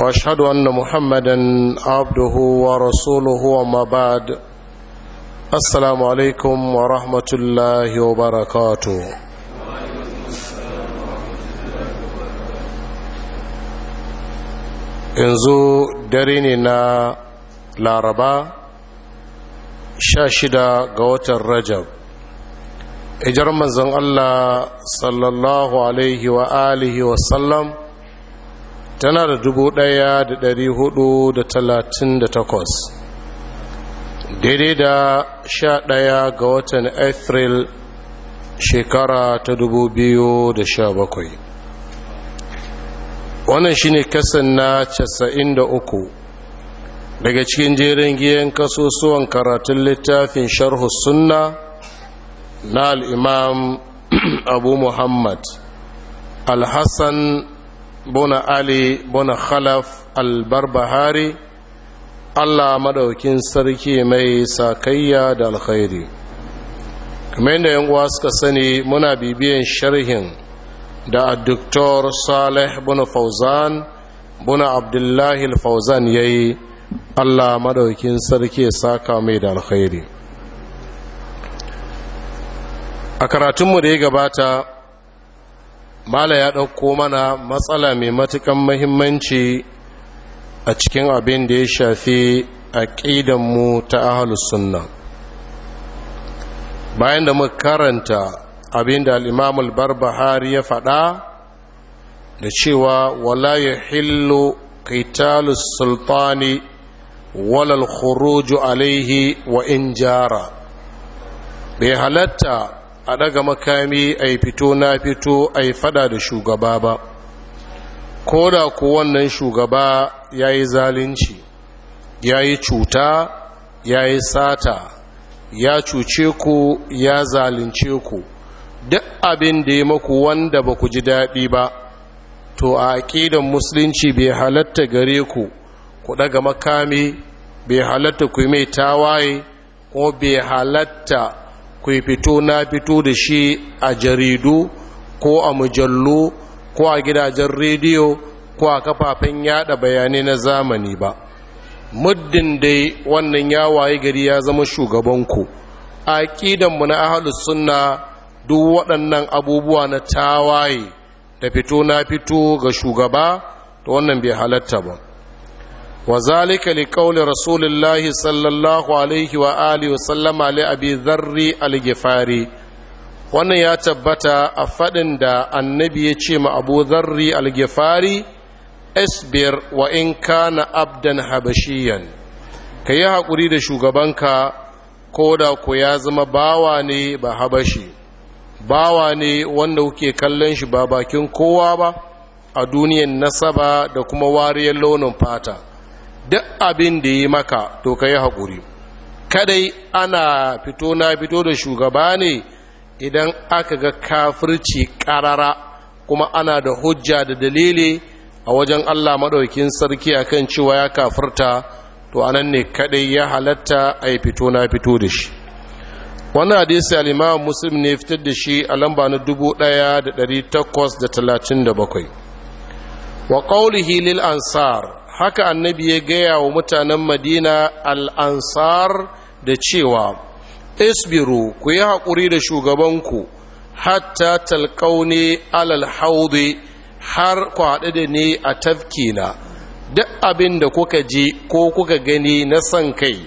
واشهد ان محمدا عبده ورسوله وما بعد السلام عليكم ورحمه الله وبركاته yanzu dare ne na laraba sha shida ga watan rajab ijar manzon allah sallallahu alaihi wa alihi wasallam tana da dubu ɗaya da ɗari hudu da talatin da takwas daidai da sha ɗaya ga watan Afril shekara ta dubu biyu da sha bakwai wannan shine kasan na casa'in da uku daga cikin jerin giyan kasusuwan karatun littafin sharhu sunna na al'imam abu muhammad al-hassan Ali, علي Khalaf, خلف البربهاري Allah madaukin sarki mai sakayya da alkhairi kamar yadda yan uwa suka sani muna bibiyan sharhin da Dr. Saleh bona Fauzan bona Abdullahi al-Fauzan yayi Allah madaukin sarki saka mai da alkhairi a karatunmu da ya gabata mala ya ɗauko mana matsala mai matukan mahimmanci a cikin abin da ya shafi aƙidanmu ta ahalus sunna bayan da muka karanta abin da al'imamul barbahari ya faɗa da cewa wala ya hillo qitalus sultani walal khuruju alaihi wa in jara bai halatta a daga makami a fito na fito a fada da shugaba ba ko da ku wannan shugaba ya yi zalunci ya yi cuta ya yi sata ya cuce ku ya zalunce ku duk abin da ya maku wanda ba ku ji daɗi ba to a aƙidan musulunci bai halatta gare ku ku ɗaga makami bai halatta ku mai tawaye ko bai halatta ku fito na fito da shi a jaridu ko a mujallu ko a gidajen rediyo ko a kafafen yada bayanai na zamani ba muddin dai wannan ya waye gari ya zama shugabanku a ƙidanmu na ahalus sunna duk waɗannan abubuwa na tawaye da fito na fito ga shugaba da wannan bai halatta ba وذلك لقول رسول الله صلى الله عليه وآله وسلم لأبي ذر الجفاري wannan ya tabbata a faɗin da annabi ya ce ma abu zarri algifari esbir wa in kana abdan habashiyan ka yi haƙuri da shugabanka ko da ku ya zama bawa ne ba habashi bawa ne wanda kuke kallon shi ba bakin kowa ba a duniyan nasaba da kuma wariyar launin fata duk abin da yi maka to ka yi haƙuri kadai ana fito na fito da shugaba ne idan aka ga kafirci ƙarara kuma ana da hujja da dalili a wajen allah maɗaukin sarki akan cewa ya kafirta to anan ne kadai ya halatta a yi fito na fito da shi Wani hadisi alimawa muslim ne fitar da shi a lamba na 1837 wa ƙaunihi lil ansar haka annabi ya gaya wa mutanen madina al'ansar da cewa isbiru ku yi haƙuri da shugabanku hatta talƙauni alal haudi har ku haɗu da ni a tafkina duk abin da kuka ji ko kuka gani na san kai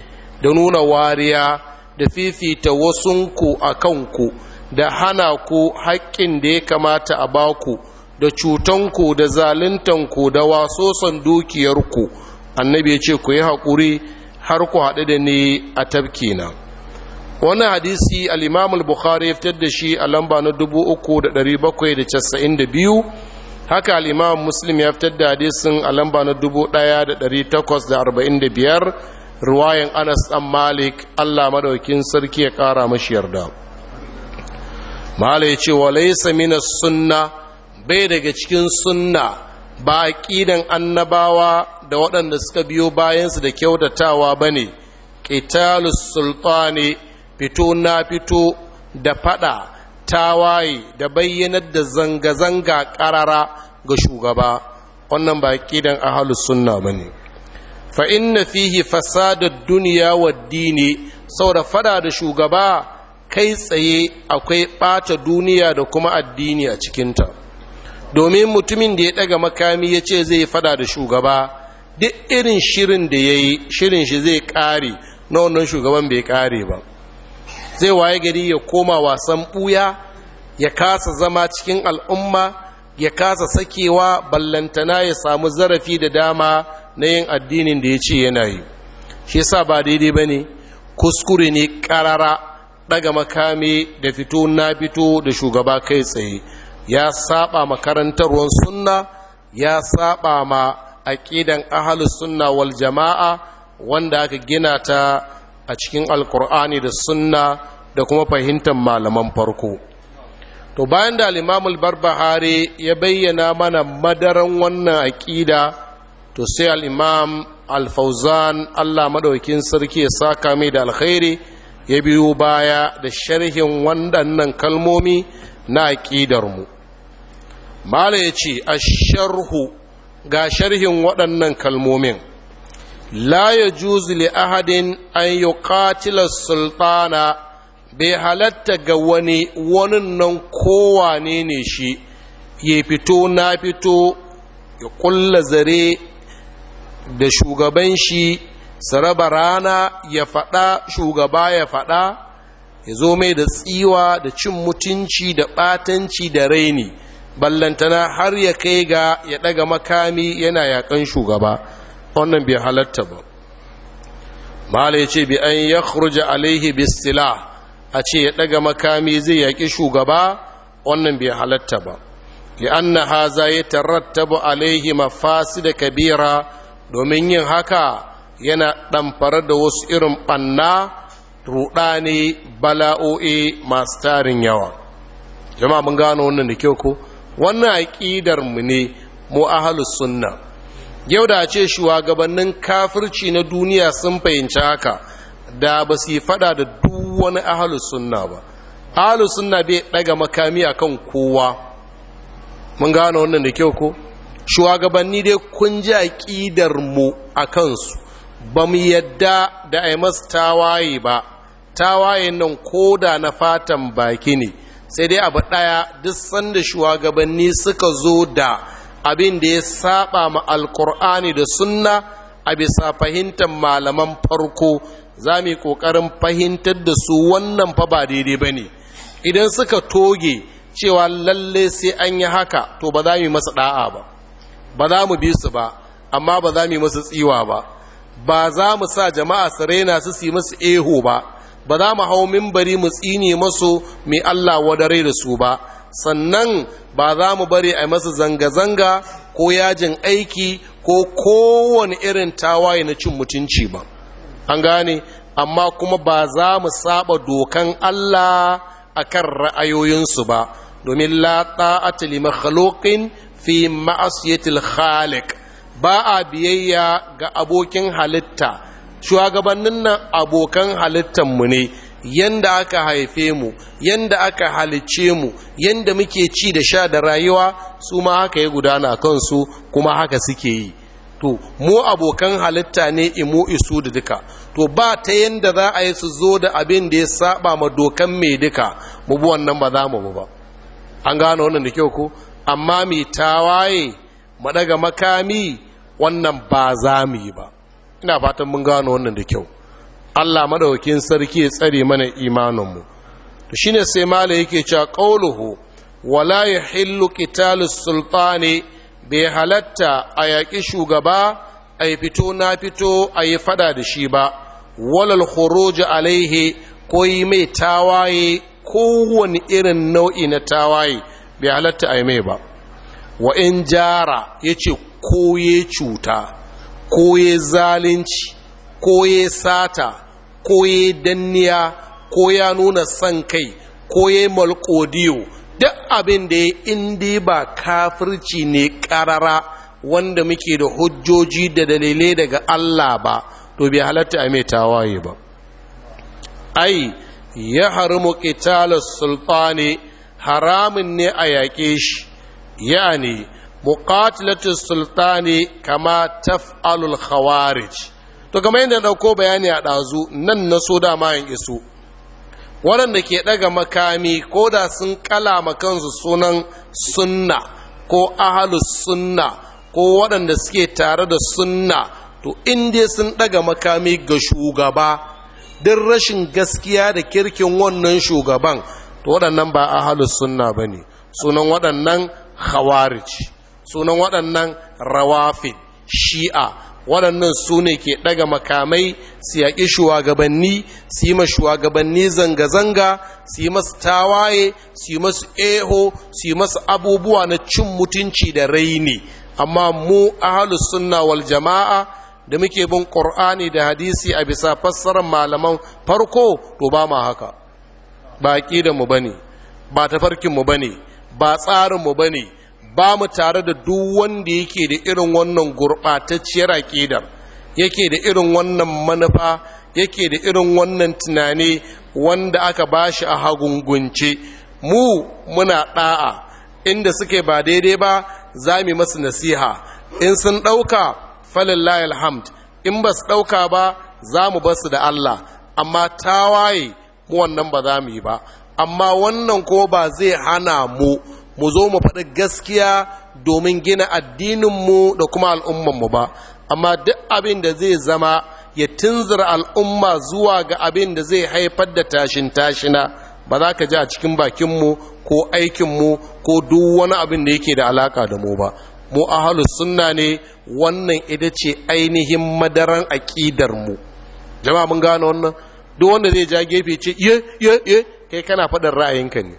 da nuna wariya da fifita wasunku a kanku da hana ku haƙƙin da ya kamata a baku da cutanku da zaluntanku da wasosan dukiyarku annabi ya ce ku yi haƙuri har ku haɗu da ni a na wani hadisi al'imamul bukhari ya fitar da shi a lamba na 3792 haka al'imam muslim ya fitar da hadisin a lamba na 1845 ruwayan anas ɗan malik allah madaukin sarki ya ƙara mashi yarda mala ce wa laisa minas sunna bai daga cikin sunna ba ƙidan annabawa da waɗanda suka biyo bayansu da kyautatawa ba ne ƙitalus sultani fito na fito da faɗa tawaye da bayyanar da zanga-zanga ƙarara ga shugaba wannan ba ƙidan ahalus sunna ba ne fa'in na fihi fasadar duniya wa dini saboda faɗa da shugaba kai tsaye akwai ɓata duniya da kuma addini a cikinta domin mutumin da ya daga makami ya ce zai fada da shugaba duk irin shirin da ya yi shirin shi zai kare na wannan shugaban bai kare ba zai waye gari ya koma wasan buya ya kasa zama cikin al'umma ya kasa sakewa ballantana ya samu zarafi da dama na yin addinin da ya ce yana yi shi sa ba daidai ba ne kuskure ne karara daga makami da fito na fito da shugaba kai tsaye ya saba ma sunna ya saba ma aqidan ahlus sunna wal jama'a wanda aka gina ta a cikin alkur'ani da sunna da kuma fahimtar malaman farko to bayan da al-imamul barbahari ya bayyana mana madaran wannan aqida to sai al-imam al-fauzan Allah maɗaukin sarki ya saka mai da alkhairi ya biyo baya da sharhin wannan kalmomi na aqidar mu mala ya ce a sharhu ga sharhin waɗannan kalmomin la ya juzu li ahadin an yi katila sultana bai halatta ga wani wani nan kowane ne shi ya fito na fito ya kulla zare da shugaban shi saraba rana ya faɗa shugaba ya faɗa ya zo mai da tsiwa da cin mutunci da ɓatanci da raini ballantana har ya kai ga ya daga makami yana yakan shugaba wannan bai halatta ba mala ya ce bi an ya khurja alaihi bistila a ce ya daga makami zai yaƙi shugaba wannan bai halatta ba ya anna haza ya tarattabu alaihi mafasi da kabira domin yin haka yana ɗamfara da wasu irin ɓanna ruɗani bala'o'i masu tarin yawa jama'a mun gano wannan da kyau ko wannan aƙidar mu ne mu ahalus sunna yau da ce shugabannin kafirci na duniya sun fahimci haka da ba su yi fada da duk wani ahlus sunna ba ahalus sunna bai daga makami akan kowa mun gane wannan da kyau ko shugabanni dai kun ji aƙidar mu a kansu ba mu yadda da a masu tawaye ba tawaye nan ko da na fatan baki ne sai dai abu ɗaya duk sanda shugabanni suka zo da abin da ya saba ma alkur'ani da sunna a bisa fahimtar malaman farko za mu yi ƙoƙarin fahimtar da su wannan fa ba daidai ba ne idan suka toge cewa lalle sai an yi haka to ba za mu yi masa ɗa'a ba ba za mu bi su ba amma ba za mu yi masa tsiwa ba ba za mu sa jama'a su raina su su yi masu eho ba ba za mu hau mimbari mu tsini masu mai Allah wadare da su ba sannan ba za mu bari a masu zanga-zanga ko yajin aiki ko kowane irin tawaye na cin mutunci ba an gane amma kuma ba za mu saba dokan Allah a kan ra'ayoyinsu ba domin lata a li makhluqin fi ma'asiyatil khaliq ba a biyayya ga abokin halitta shugabannin nan abokan halittanmu ne yanda aka haife mu yanda aka halicce mu yanda muke ci da sha da rayuwa su ma haka ya gudana kansu kuma haka suke yi to mu abokan halitta ne imu isu da duka to ba ta yanda za a yi su zo da abin da ya saba ma dokan mai duka mu bi wannan ba za mu ba an gano wannan da kyau ko amma mai tawaye mu daga makami wannan ba za mu yi ba ina fatan mun gano wannan da kyau Allah madaukakin sarki ya tsare mana imaninmu to shine sai Malam yake cewa qauluhu wala yahillu qitalus sultani bai halatta a yaƙi shugaba a fito na fito a fada da shi ba walal khuruj alaihi ko mai tawaye kowane irin nau'i na tawaye bai halatta a yi mai ba wa in jara ya ce ko cuta ko ya zalunci ko ya sata ko ya danniya ko ya nuna son kai ko ya malkodiyo duk abin da ya indi ba kafirci ne karara wanda muke da hujjoji da dalilai daga Allah ba to bai halatta a mai tawaye ba ai ya harmu ƙitalar sultani haramun ne a yaƙe shi yani muqatilatu sultani kama taf'alul khawarij to kamar yadda dauko bayani a dazu nan na so da ma yin iso waɗanda ke daga makami ko da sun kala kansu sunan sunna ko ahlus sunna ko waɗanda suke tare da sunna to in dai sun daga makami ga shugaba duk rashin gaskiya da kirkin wannan shugaban to waɗannan ba ahlus sunna bane sunan waɗannan khawarij sunan waɗannan rawafin shi'a waɗannan su ne ke ɗaga makamai su yaƙi shugabanni su yi shugabanni zanga-zanga su yi masu tawaye su yi masu eho su yi masu abubuwa na cin mutunci da raini amma mu ahalus sunna wal jama'a da muke bin ƙur'ani da hadisi a bisa fassarar malaman farko to ba ma haka ba mu ba ne ba tafarkin ba ne ba tsarin ba ne ba mu tare da duk wanda yake da irin wannan gurɓatacciyar aƙidar yake da irin wannan manufa yake da irin wannan tunani wanda aka ba shi a hagungunce mu muna ɗa'a inda suke ba daidai ba za mu masu nasiha in sun ɗauka falillahi alhamd in ba su ɗauka ba za mu basu da Allah amma tawaye mu wannan ba za mu yi ba amma wannan ko ba zai hana mu mu zo mu faɗi gaskiya domin gina addininmu da kuma al'ummanmu ba amma duk abin da zai zama ya tunzura al'umma zuwa ga abin da zai haifar da tashin tashina ba za ka ji a cikin bakinmu ko aikinmu ko duk wani abin da yake da alaka da mu ba mu ahalus sunna ne wannan ita ce ainihin madaran aƙidarmu jama'a mun gane wannan duk wanda zai ja gefe ce ye ye ye kai kana faɗin ra'ayinka ne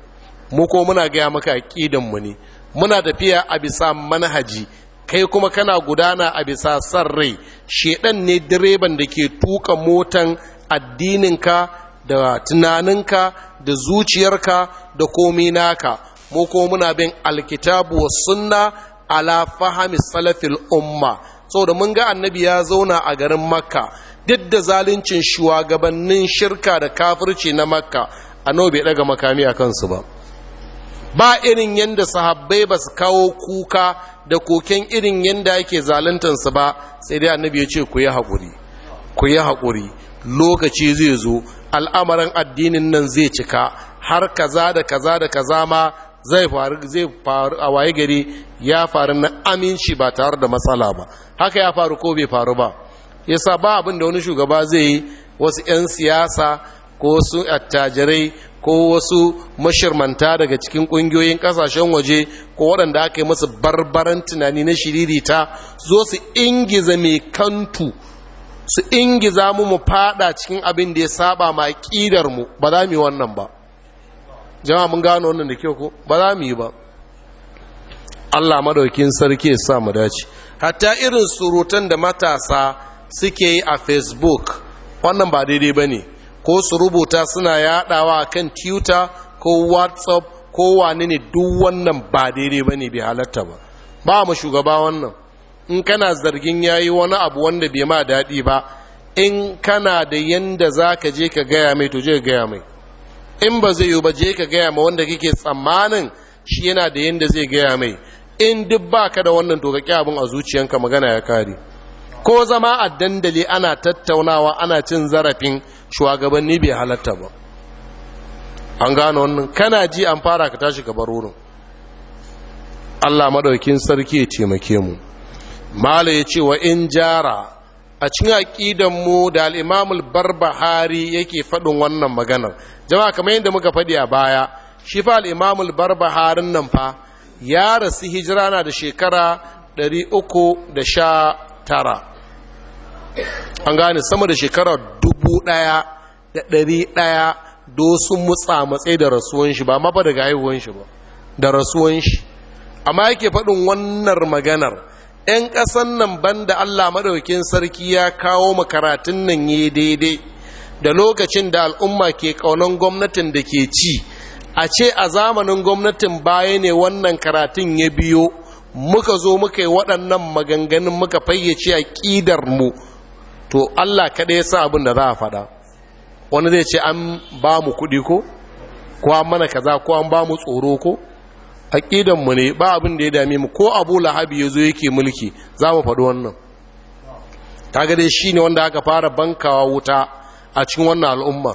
mu ko muna gaya maka ƙidan mu ne muna tafiya a bisa manhaji kai kuma kana gudana a bisa san rai shedan ne direban da ke tuka motan addininka da tunaninka da zuciyarka da komi naka mu ko muna bin alkitabu wa sunna ala fahami salafil umma saboda mun ga annabi ya zauna a garin makka duk da zaluncin shugabannin shirka da kafirci na makka annabi bai daga makami a kansu ba ba irin yadda sahabbai ba su kawo kuka da koken irin yadda ake zaluntansu ba sai dai annabi ya ce ku yi haƙuri ku yi haƙuri lokaci zai zo al'amarin addinin nan zai cika har kaza da kaza da kaza ma zai faru a waye gari ya faru na aminci ba tare da matsala ba haka ya faru ko bai faru ba yasa ba abin da wani shugaba zai yi wasu 'yan siyasa ko su attajirai ko wasu mashirmanta daga cikin ƙungiyoyin ƙasashen waje ko waɗanda aka yi masu barbaran tunani na shiriri ta zo su ingiza mai kantu su ingiza mu mu fada cikin abin da ya saba ma ƙidar mu ba za mu yi wannan ba jama'a mun gano wannan da kyau ko ba za mu yi ba Allah madaukin sarki ya sa mu dace hatta irin surutan da matasa suke yi a Facebook wannan ba daidai bane ko su rubuta suna yadawa kan twitter ko whatsapp ko wani ne duk wannan ba daidai ba ne bai halatta ba ba mu shugaba wannan in kana zargin ya yi wani abu wanda bai ma daɗi ba in kana da yanda za ka je ka gaya mai to je ka gaya mai in ba zai yi ba je ka gaya ma wanda kake tsammanin shi yana da yanda zai gaya mai in duk ba ka da wannan to ka abin a zuciyanka magana ya kare ko zama a dandali ana tattaunawa ana cin zarafin shugabanni bai halatta ba an gano wannan kana ji an fara ka tashi ka bar wurin Allah madaukin sarki ya taimake mu mala ya ce wa in jara a cikin aqidan mu da al-Imam al-Barbahari yake fadin wannan maganar jama'a kamar yadda muka fadi a baya shi fa al-Imam al-Barbaharin nan fa ya rasu hijira na da shekara 319 an gane sama da shekarar dubu ɗaya da ɗari ɗaya do sun mutsa matse da rasuwan shi ba mafa daga haihuwan shi ba da rasuwan shi amma yake faɗin wannan maganar 'yan ƙasan nan banda allah maɗaukin sarki ya kawo makaratun nan ya daidai da lokacin da al'umma ke ƙaunan gwamnatin da ke ci a ce a zamanin gwamnatin baya ne wannan karatun ya biyo muka zo muka yi waɗannan maganganun muka fayyace a ƙidar mu to Allah kaɗai ya sa abin da za a faɗa wani zai ce an ba mu kuɗi ko ko an mana kaza ko an ba mu tsoro ko haƙidanmu ne ba abin da ya dami mu ko abu lahabi ya zo yake mulki za mu faɗi wannan ta dai shi ne wanda aka fara bankawa wuta a cikin wannan al'umma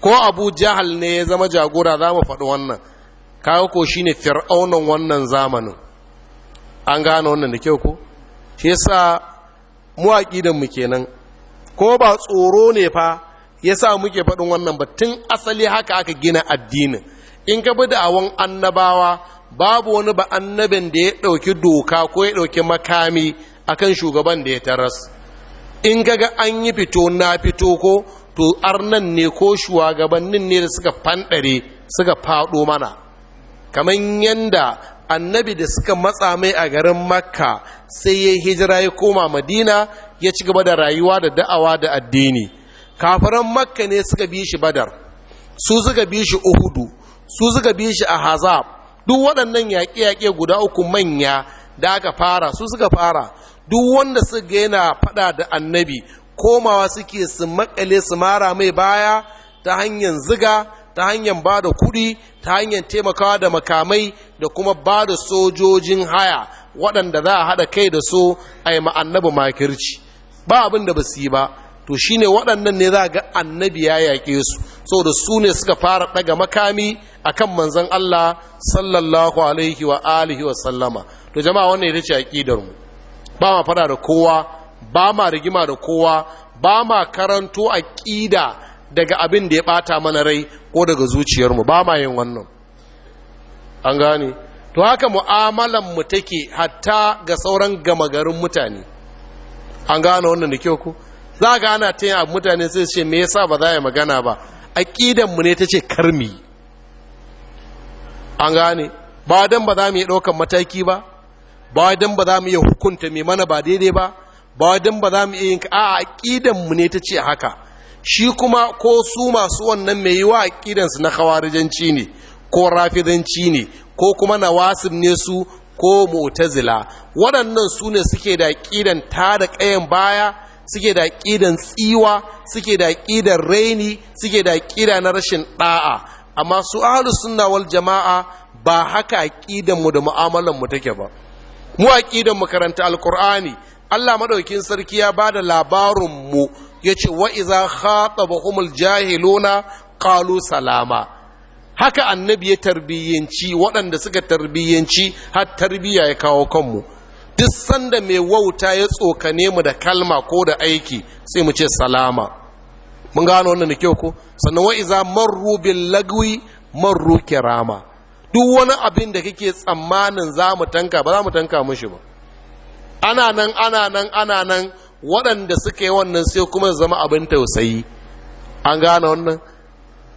ko abu jahal ne ya zama jagora za mu faɗi wannan kawo ko shi ne fir'aunan wannan zamanin an gane wannan da kyau ko shi yasa mu haƙidanmu kenan ko ba tsoro ne fa ya sa muke faɗin wannan ba tun asali haka aka gina addinin in ka bi da awon annabawa babu wani ba annabin da ya ɗauki doka ko ya ɗauki makami akan shugaban da ya taras in ga an yi fito na fito ko to arnan ne ko shugabannin ne da suka fanɗare suka faɗo mana kamar yadda annabi da suka matsa mai a garin makka sai ya hijira ya koma madina ya ci gaba da rayuwa da da'awa da addini kafiran makka ne suka bi shi badar su suka bi shi uhudu su suka bi shi a hazab duk waɗannan yaƙe-yaƙe guda uku manya da aka fara su suka fara duk wanda suka yana faɗa da annabi komawa suke su makale su mara mai baya ta hanyar ziga ta hanyar ba da kuɗi ta hanyar taimakawa da makamai da kuma ba da sojojin haya waɗanda za a haɗa kai da so a yi ma'annabi makirci ba abin da ba su yi ba to shine waɗannan ne za ga annabi ya yaƙe su saboda su ne suka fara ɗaga makami a kan manzan Allah sallallahu alaihi wa alihi wa sallama to jama'a wannan ita ce aƙidar mu ba ma fara da kowa ba ma rigima da kowa ba ma karanto aƙida daga abin da ya bata mana rai ko daga zuciyarmu ba ma yin wannan an gane to haka mu'amalan mu take hatta ga sauran gama garin mutane an gane wannan da kyau ku. za ga ana ta yin abu mutane sai ce me yasa ba za ya magana ba aqidan mu ne ta ce karmi an gane ba dan ba za mu yi daukan mataki ba ba dan ba za mu iya hukunta mai mana ba daidai ba ba dan ba za mu iya yin a'a aqidan mu ne ta ce haka shi kuma ko su masu wannan mai yiwa ƙidansu na khawarijanci ne ko rafidanci ne ko kuma wasu ne su ko mu'tazila waɗannan su ne suke da ƙidan ta da ƙayan baya suke da ƙidan tsiwa suke da ƙidan raini suke da ƙida na rashin ɗa'a amma su ahlus sunna wal jama'a ba haka a mu da mu'amalan mu take ba mu aƙidan mu karanta alqur'ani Allah madaukin sarki ya bada labarin mu ya ce wa iza khatabahumul jahiluna qalu salama haka annabi ya tarbiyyanci waɗanda suka tarbiyyanci har tarbiyya ya kawo kanmu duk sanda mai wauta ya tsokane mu da kalma ko da aiki sai mu ce salama mun gano wannan da kyau ko sannan wa iza marru bin lagwi marru kirama duk wani abin da kake tsammanin za mu tanka ba za mu tanka mushi ba ana nan ana nan ana nan waɗanda suke wannan sai kuma zama abin tausayi an gane wannan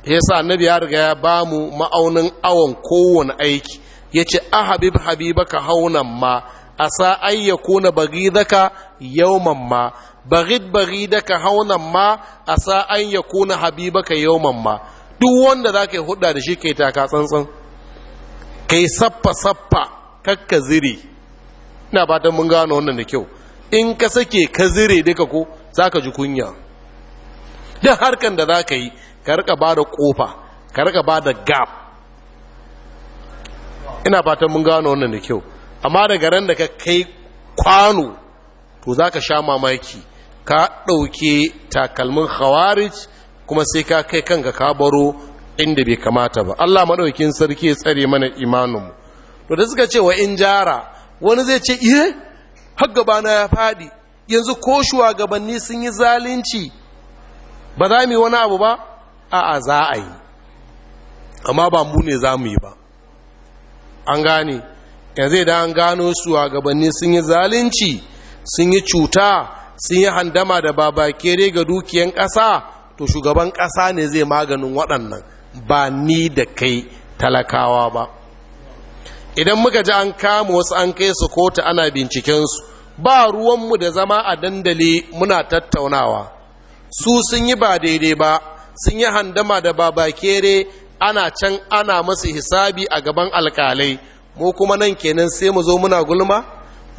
ya sa annabi ya riga ya ba mu ma'aunin awon kowane aiki ya ce a habib habibaka haunan ma a sa an ya kuna bagidaka yauman ma bagid bagidaka haunan ma a sa an ya kuna habibaka yauman ma duk wanda za ka yi hudda da shi ka yi taka tsantsan ka yi sappa sappa kakka ziri ina batan mun gano wannan da kyau in ka sake ka zire duka ko za ka ji kunya don harkar da za ka yi ka rika ba da kofa ka rika ba da gab ina fatan mun gano wannan da kyau amma daga ran da ka kai kwano to za ka sha mamaki ka ɗauke takalmin khawarij kuma sai ka kai kanka ka baro inda bai kamata ba Allah maɗaukin sarki ya tsare mana imanin mu to da suka ce wa in jara wani zai ce ihe eh, har gabana ya faɗi yanzu ko shugabanni sun yi zalunci ba za mu yi wani abu ba a'a za a yi amma ba mu ne za mu yi ba an gane yanzu idan an gano shugabanni sun yi zalunci sun yi cuta sun yi handama da babakere ga dukiyan ƙasa to shugaban ƙasa ne zai maganin waɗannan ba ni da kai talakawa ba idan muka ji an kama wasu an kai su kota ana bincikensu ba ruwanmu da zama a dandali muna tattaunawa su sun yi ba daidai ba sun yi handama da babakere ana can ana masu hisabi a gaban alkalai mu kuma nan kenan sai mu zo muna gulma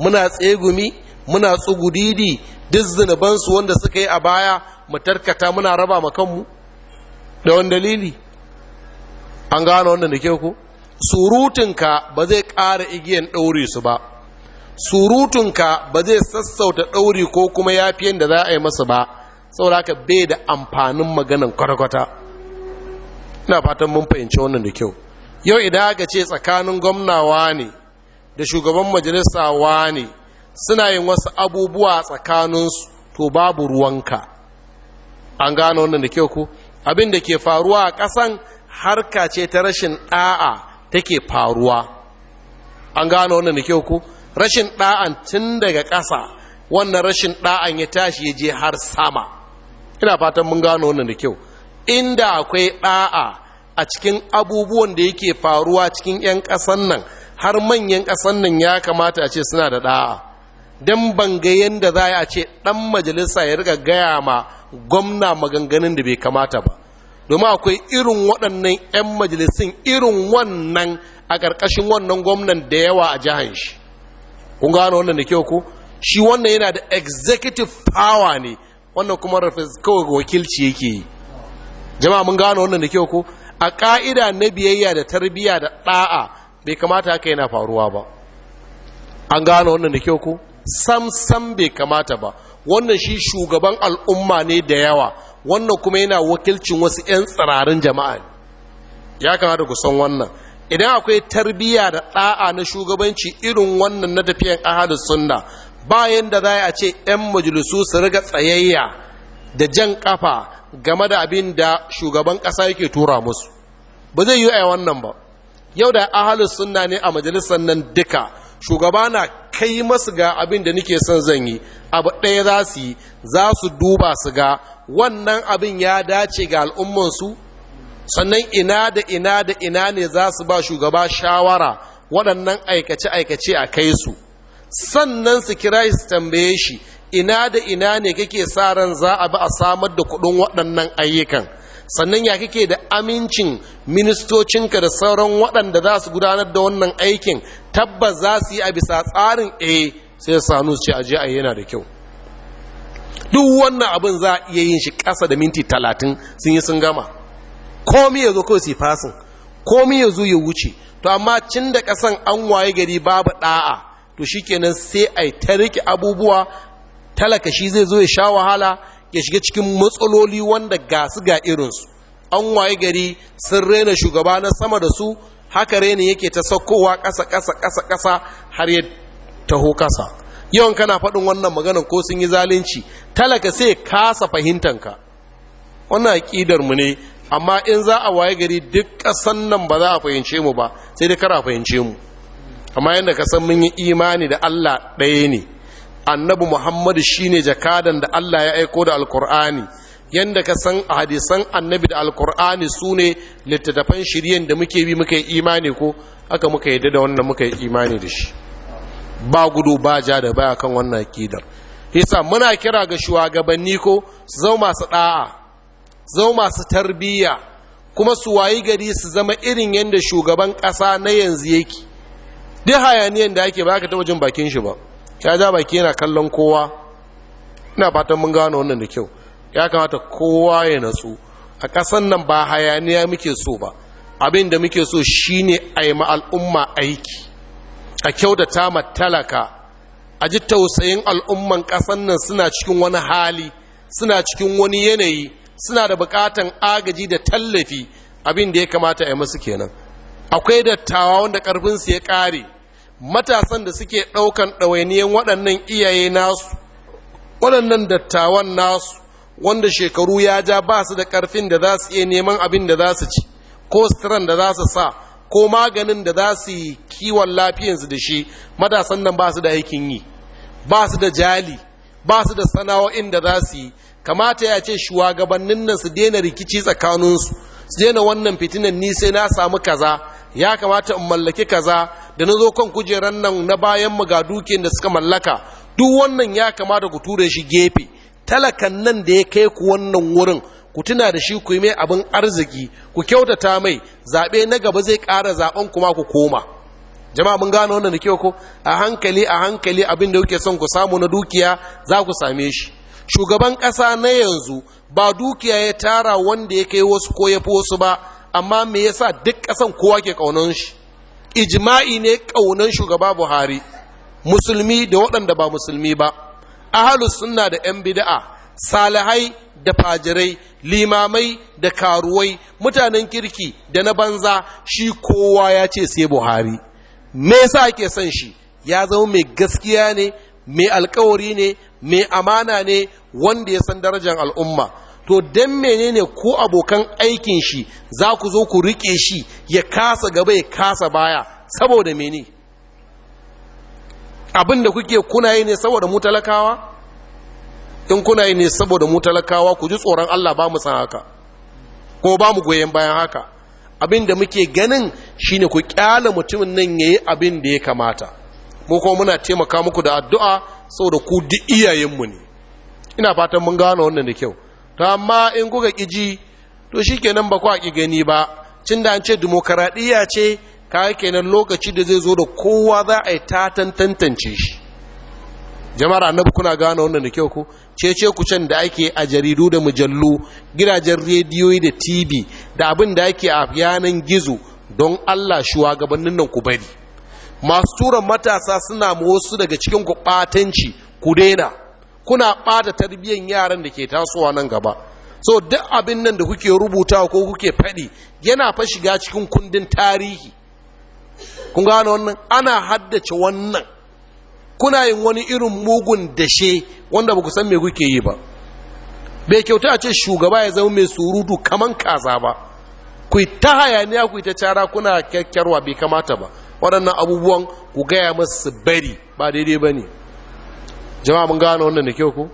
muna tsegumi muna tsugudidi duk zunubansu wanda suka yi a baya mu tarkata muna raba kanmu da wani dalili an gano wanda da ke ku surutunka ba zai ƙara igiyan ɗauri su ba surutunka ba zai sassauta ɗauri ko kuma yafiyan da za a yi masa ba aka bai da amfanin maganan kwata-kwata ina fatan mun fahimci wannan da kyau yau idan aka ce tsakanin gwamnawa ne da shugaban majalisawa ne suna yin wasu abubuwa tsakaninsu to babu ruwanka an gano wannan da kyau ku abin da ke faruwa a ƙasan harka ce ta rashin ɗa'a take faruwa an gano wannan da kyau ku rashin ɗa'an tun daga ƙasa wannan rashin ɗa'an ya tashi ya je har sama ina fatan mun gano wannan da kyau inda akwai ɗa'a a cikin abubuwan da yake faruwa cikin 'yan ƙasan nan har manyan ƙasan nan ya kamata a ce suna da ɗa'a don banga yadda za a ce ɗan majalisa ya riga gaya ma gwamna maganganun da bai kamata ba domin akwai irin waɗannan 'yan majalisun irin wannan a ƙarƙashin wannan gwamnan da yawa a jihar shi kun gano wannan da kyau ko shi wannan yana da executive power ne wannan kuma kawai wakilci yake yi jama'a mun gano wannan da kyau ko a ƙa'ida na biyayya da tarbiyya da ɗa'a bai kamata haka yana faruwa ba an gano wannan da kyau ko sam sam bai kamata ba wannan shi shugaban al'umma ne da yawa wannan kuma yana wakilcin wasu 'yan tsirarin jama'a ya kamata ku san wannan idan akwai tarbiyya da ɗa'a na shugabanci irin wannan na tafiyan ahalus sunna bayan da za a ce 'yan majalisu su riga tsayayya da jan kafa game da abin da shugaban ƙasa yake tura musu ba zai yi a wannan ba yau da ahalus sunna ne a majalisar nan duka shugaba na kai masu ga abin da nake son zan yi abu ɗaya za su yi za su duba su ga wannan abin ya dace ga al'ummansu sannan ina da ina da ina ne za su ba shugaba shawara waɗannan aikace-aikace a kai su sannan su kira su tambaye shi ina da ina ne kake sa ran za a bi a samar da kuɗin waɗannan ayyukan sannan ya kake da amincin ministocinka da sauran waɗanda za su gudanar da wannan aikin tabbas za su yi a bisa tsarin ɗaya. Eh, sai Sanus ce aje a yana da kyau duk wannan abin za a iya yin shi kasa da minti talatin sun yi sun gama komi ya zo kawai su fasin komi ya zo ya wuce to amma cin da kasan an waye gari babu ɗa'a to shi kenan sai a ta rike abubuwa talaka shi zai zo ya sha wahala ya shiga cikin matsaloli wanda gasu ga irinsu an waye gari sun rena shugaba na sama da su haka rena yake ta saukowa ƙasa kasa ƙasa ƙasa har ya taho kasa yawan kana faɗin wannan maganar ko sun yi zalunci talaka sai kasa fahimtanka wannan aƙidar mu ne amma in za a waye gari duk ƙasan nan ba za a fahimce mu ba sai dai kara fahimce mu amma yadda ka san mun yi imani da Allah ɗaya ne annabi Muhammadu shi ne jakadan da Allah ya aiko da alkur'ani yadda ka san hadisan annabi da alkur'ani su ne littattafan shirye da muke bi muka yi imani ko aka muka yadda da wannan muka yi imani da shi ba gudu ba ja da baya kan wannan akidar hisa muna kira ga shugabanni ko su zama masu da'a zama masu tarbiyya kuma su wayi gari su zama irin yadda shugaban ƙasa na yanzu yake duk hayaniyan da ake ba ka taɓa jin bakin shi ba ya ja baki yana kallon kowa ina fatan mun gano wannan da kyau ya kamata kowa ya natsu a ƙasan nan ba hayaniya muke so ba abin da muke so shine a yi al'umma aiki a kyautata ma talaka a ji tausayin al'umman ƙasan nan suna cikin wani hali suna cikin wani yanayi suna da buƙatan agaji da tallafi abin da ya kamata a masu kenan akwai dattawa wanda ƙarfinsu ya ƙare matasan da suke ɗaukan ɗawainiyan waɗannan iyaye nasu waɗannan dattawan nasu wanda shekaru ya ja ba su da ƙarfin da za su iya neman abin da za su ci ko sitiran da za su sa ko maganin da za su yi kiwon lafiyansu da shi matasan nan ba su da aikin yi ba su da jali ba su da sana'o'in da za su yi kamata ya ce shugabannin nan su daina rikici tsakaninsu su daina wannan fitinan ni sai na samu kaza ya kamata in mallaki kaza da na zo kan kujeran nan na bayan mu ga dukiyar da suka mallaka duk wannan ya kamata ku ture shi gefe talakan nan da ya kai ku wannan wurin ku tuna da shi ku yi mai abin arziki ku kyautata mai zaɓe na gaba zai ƙara zaɓen kuma ku koma jama'a mun gano wannan da kyau ko a hankali a hankali abin da kuke son ku samu na dukiya za ku same shi shugaban ƙasa na yanzu ba dukiya ya tara wanda ya kai wasu ko ya fi wasu ba amma me yasa duk ƙasan kowa ke ƙaunan shi ijma'i ne ƙaunan shugaba buhari musulmi da waɗanda ba musulmi ba ahalus suna da 'yan bida'a salihai da fajirai limamai da karuwai mutanen kirki da na banza shi kowa ya ce sai buhari me yasa ake son shi ya zama mai gaskiya ne mai alkawari ne mai amana ne wanda ya san darajar al'umma to don menene ko abokan aikin shi za ku zo ku rike shi ya kasa gaba ya kasa baya saboda mene abin da kuke kuna yi ne saboda mu talakawa in kuna yi ne saboda mu talakawa ku ji tsoron Allah ba mu san haka ko ba mu goyen bayan haka abin da muke ganin shine ku kyala mutumin nan yayi abin da ya kamata mu ko muna taimaka muku da addu'a saboda ku duk iyayenmu ne ina fatan mun gano wannan da kyau to amma in kuka kiji to shikenan ba ku a gani ba cin da an ce demokaradiyya ce kayan kenan lokaci da zai zo da kowa za a yi ta tantance shi jama'ar annabi kuna gane wannan da kyau ko cece ku can da ake a jaridu da mujallu gidajen rediyo da tv da abin da ake a yanan gizo don allah shugabannin nan ku bari masu tura matasa suna wasu daga cikin ku batanci ku daina kuna ɓata tarbiyyar yaran da ke tasowa nan gaba so duk abin nan da kuke rubuta ko kuke faɗi yana fa shiga cikin kundin tarihi kun gane wannan ana haddace wannan kuna yin wani irin mugun dashe wanda ba ku san me kuke yi ba bai kyauta a ce shugaba ya zama mai surutu kaman kaza ba ku ta hayaniya ku ta cara kuna kyakkyarwa bai kamata ba waɗannan abubuwan ku gaya masu bari ba daidai ba ne jama'a mun gano wannan da kyau ku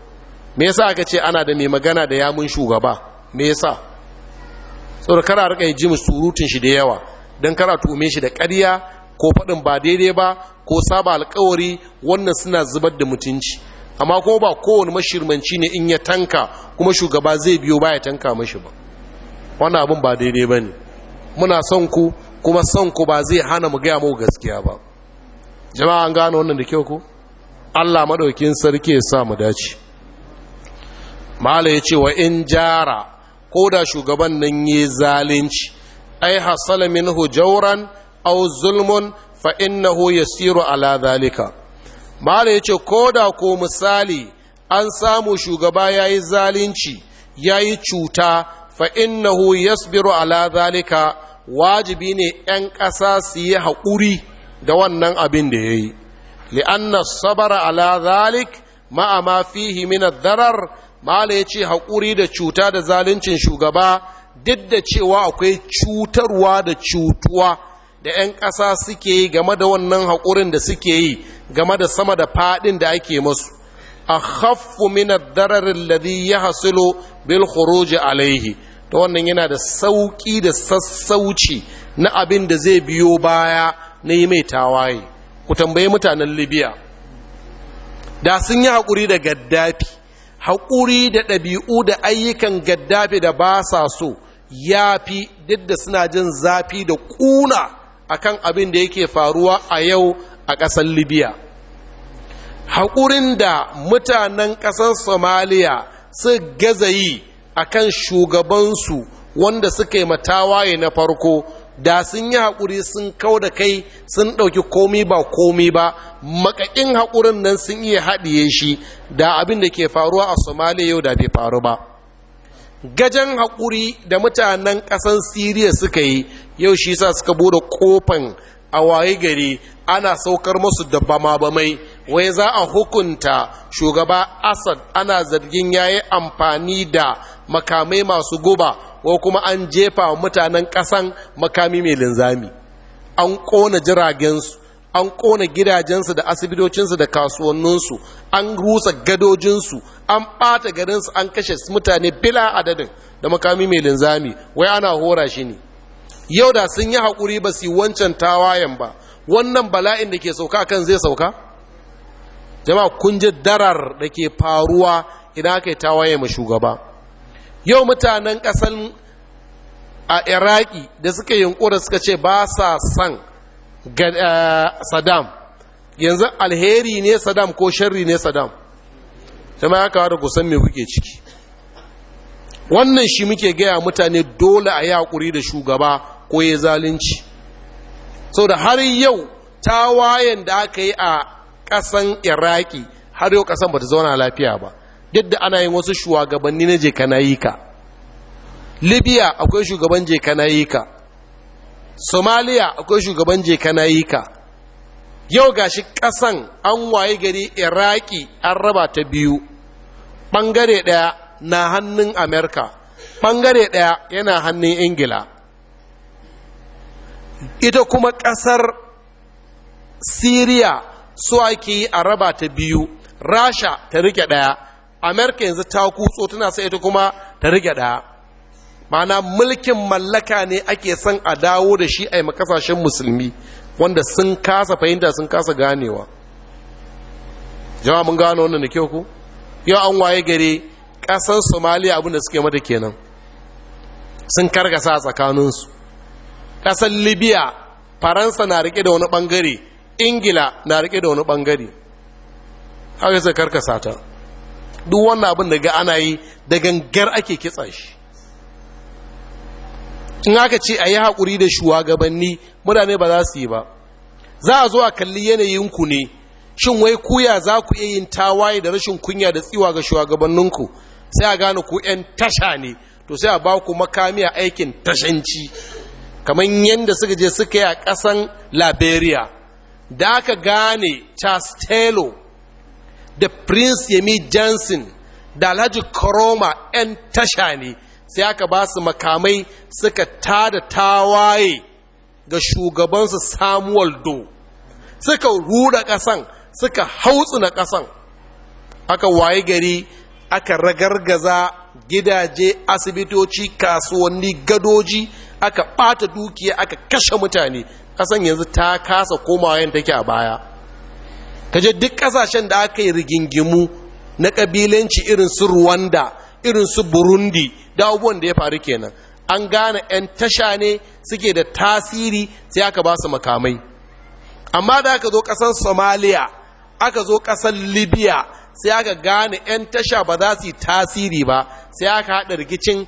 me yasa aka ce ana da mai magana da yamun shugaba me yasa saboda kara rika yi jimin surutun shi da yawa don kara tume shi da ƙarya ko faɗin ba daidai ba ko saba alkawari wannan suna zubar da mutunci amma ko ba kowane mashirmanci ne in ya tanka kuma shugaba zai biyo ba ya tanka mashi ba wannan abin ba daidai ba ne muna son ku kuma son ku ba zai hana mu gaya mu gaskiya ba jama'a an gano wannan da kyau ku. allah maɗaukin sarki ya sa mu dace mala ya ce wa in jara ko da shugaban nan yi zalunci ai hasala minhu jauran au zulmun fa ya yasiru ala zalika mala ko da ko misali an samu shugaba yayi zalunci yayi cuta fa innahu yasbiru ala zalika wajibi ne 'yan ƙasa su yi haƙuri da wannan abin da ya yi li'anna sabara ala zalik ma'a ma fihi min darar mala ya ce haƙuri da cuta da zaluncin shugaba duk da cewa akwai cutarwa da cutuwa da 'yan ƙasa suke yi game da wannan haƙurin da suke yi game da sama da faɗin da ake masu a haffu mina dararin ladi ya hasilo bil khuruji alaihi ta wannan yana da sauƙi da sassauci na abin da zai biyo baya na yi mai tawaye ku tambayi mutanen libya da sun yi haƙuri da gaddafi haƙuri da ɗabi'u da ayyukan gaddafi da ba sa so ya fi duk da suna jin zafi da ƙuna akan abin da yake faruwa a yau a ƙasar libya haƙurin da mutanen ƙasar somaliya su gazayi akan shugabansu wanda suka yi matawaye na farko da sun yi haƙuri sun kau da kai sun ɗauki komi ba komi ba makaƙin haƙurin nan sun iya haɗiye shi da abin da ke faruwa a somaliya yau da bai faru ba gajen haƙuri da mutanen ƙasan siriya suka yi yau shi sa suka bude kofan a waye gari ana saukar musu da bama bamai wai za a hukunta shugaba asad ana zargin ya yi amfani da makamai masu guba ko kuma an jefa mutanen kasan makami mai linzami an ƙona jiragensu an ƙona gidajensu da asibitocinsu da kasuwanninsu an rusa gadojinsu an ɓata garinsu an kashe mutane bila adadin da makami mai linzami wai ana hora shi ne yau da sun yi haƙuri ba su wancan tawayen ba wannan bala'in da ke sauka kan zai sauka jama'a kun ji darar da ke faruwa idan aka yi tawaye ma shugaba yau mutanen ƙasan a iraki da suka yi yunkura suka ce ba sa son eh, saddam yanzu alheri ne saddam ko sharri ne saddam jama'a kawo da kusan me kuke ciki wannan shi muke gaya mutane dole a yi haƙuri da shugaba ko ya zalunci so da har yau tawayen da aka yi a ƙasan iraki har yau ƙasan ba ta zauna lafiya ba duk da ana yin wasu shugabanni na je kana ka libya akwai shugaban je kana yi ka somalia akwai shugaban je kana ka yau gashi ƙasan an waye gari iraki an raba ta biyu bangare ɗaya na hannun amerika ɓangare ɗaya yana hannun ingila ita kuma ƙasar siriya su ake yi a raba ta biyu rasha ta rike ɗaya amerika yanzu ta kutso tana sai ita kuma ta rike ɗaya mana mulkin mallaka ne ake son a dawo da shi a kasashen musulmi wanda sun kasa fahimta sun kasa ganewa jama'a mun gano wannan da kyau ku yau an waye gare ƙasar somaliya abinda suke mata kenan sun karkasa a tsakaninsu ƙasar libya faransa na rike da wani bangare ingila na rike da wani ɓangare haka sai karkasa ta duk wannan abin da ga ana yi da gangar ake kitsa shi in aka ce a yi haƙuri da shugabanni mutane ba za su yi ba za a zo a kalli yanayinku ne shin wai kuya za ku iya yin tawaye da rashin kunya da tsiwa ga shugabanninku sai a gane ku 'yan tasha ne to sai a ba ku makami a aikin tashanci kamar yadda suka je suka yi a ƙasan liberia da aka gane charles taylor da prince yemi jansen da alhaji koroma 'yan tasha ne sai aka ba su makamai suka tada tawaye ga shugabansu samuel do suka rura ƙasan suka hautsu na ƙasan aka waye gari aka ragargaza gidaje asibitoci kasuwanni gadoji aka ɓata dukiya aka kashe mutane ƙasan yanzu ta kasa komawa yin take a baya kaje duk ƙasashen da aka yi rigingimu na ƙabilanci irin su rwanda irin su burundi da abubuwan da ya faru kenan an gane 'yan tasha ne suke da tasiri sai aka ba su makamai amma da aka zo ƙasar somalia aka zo ƙasar libya sai aka gane 'yan tasha ba za su yi tasiri ba sai aka haɗa rikicin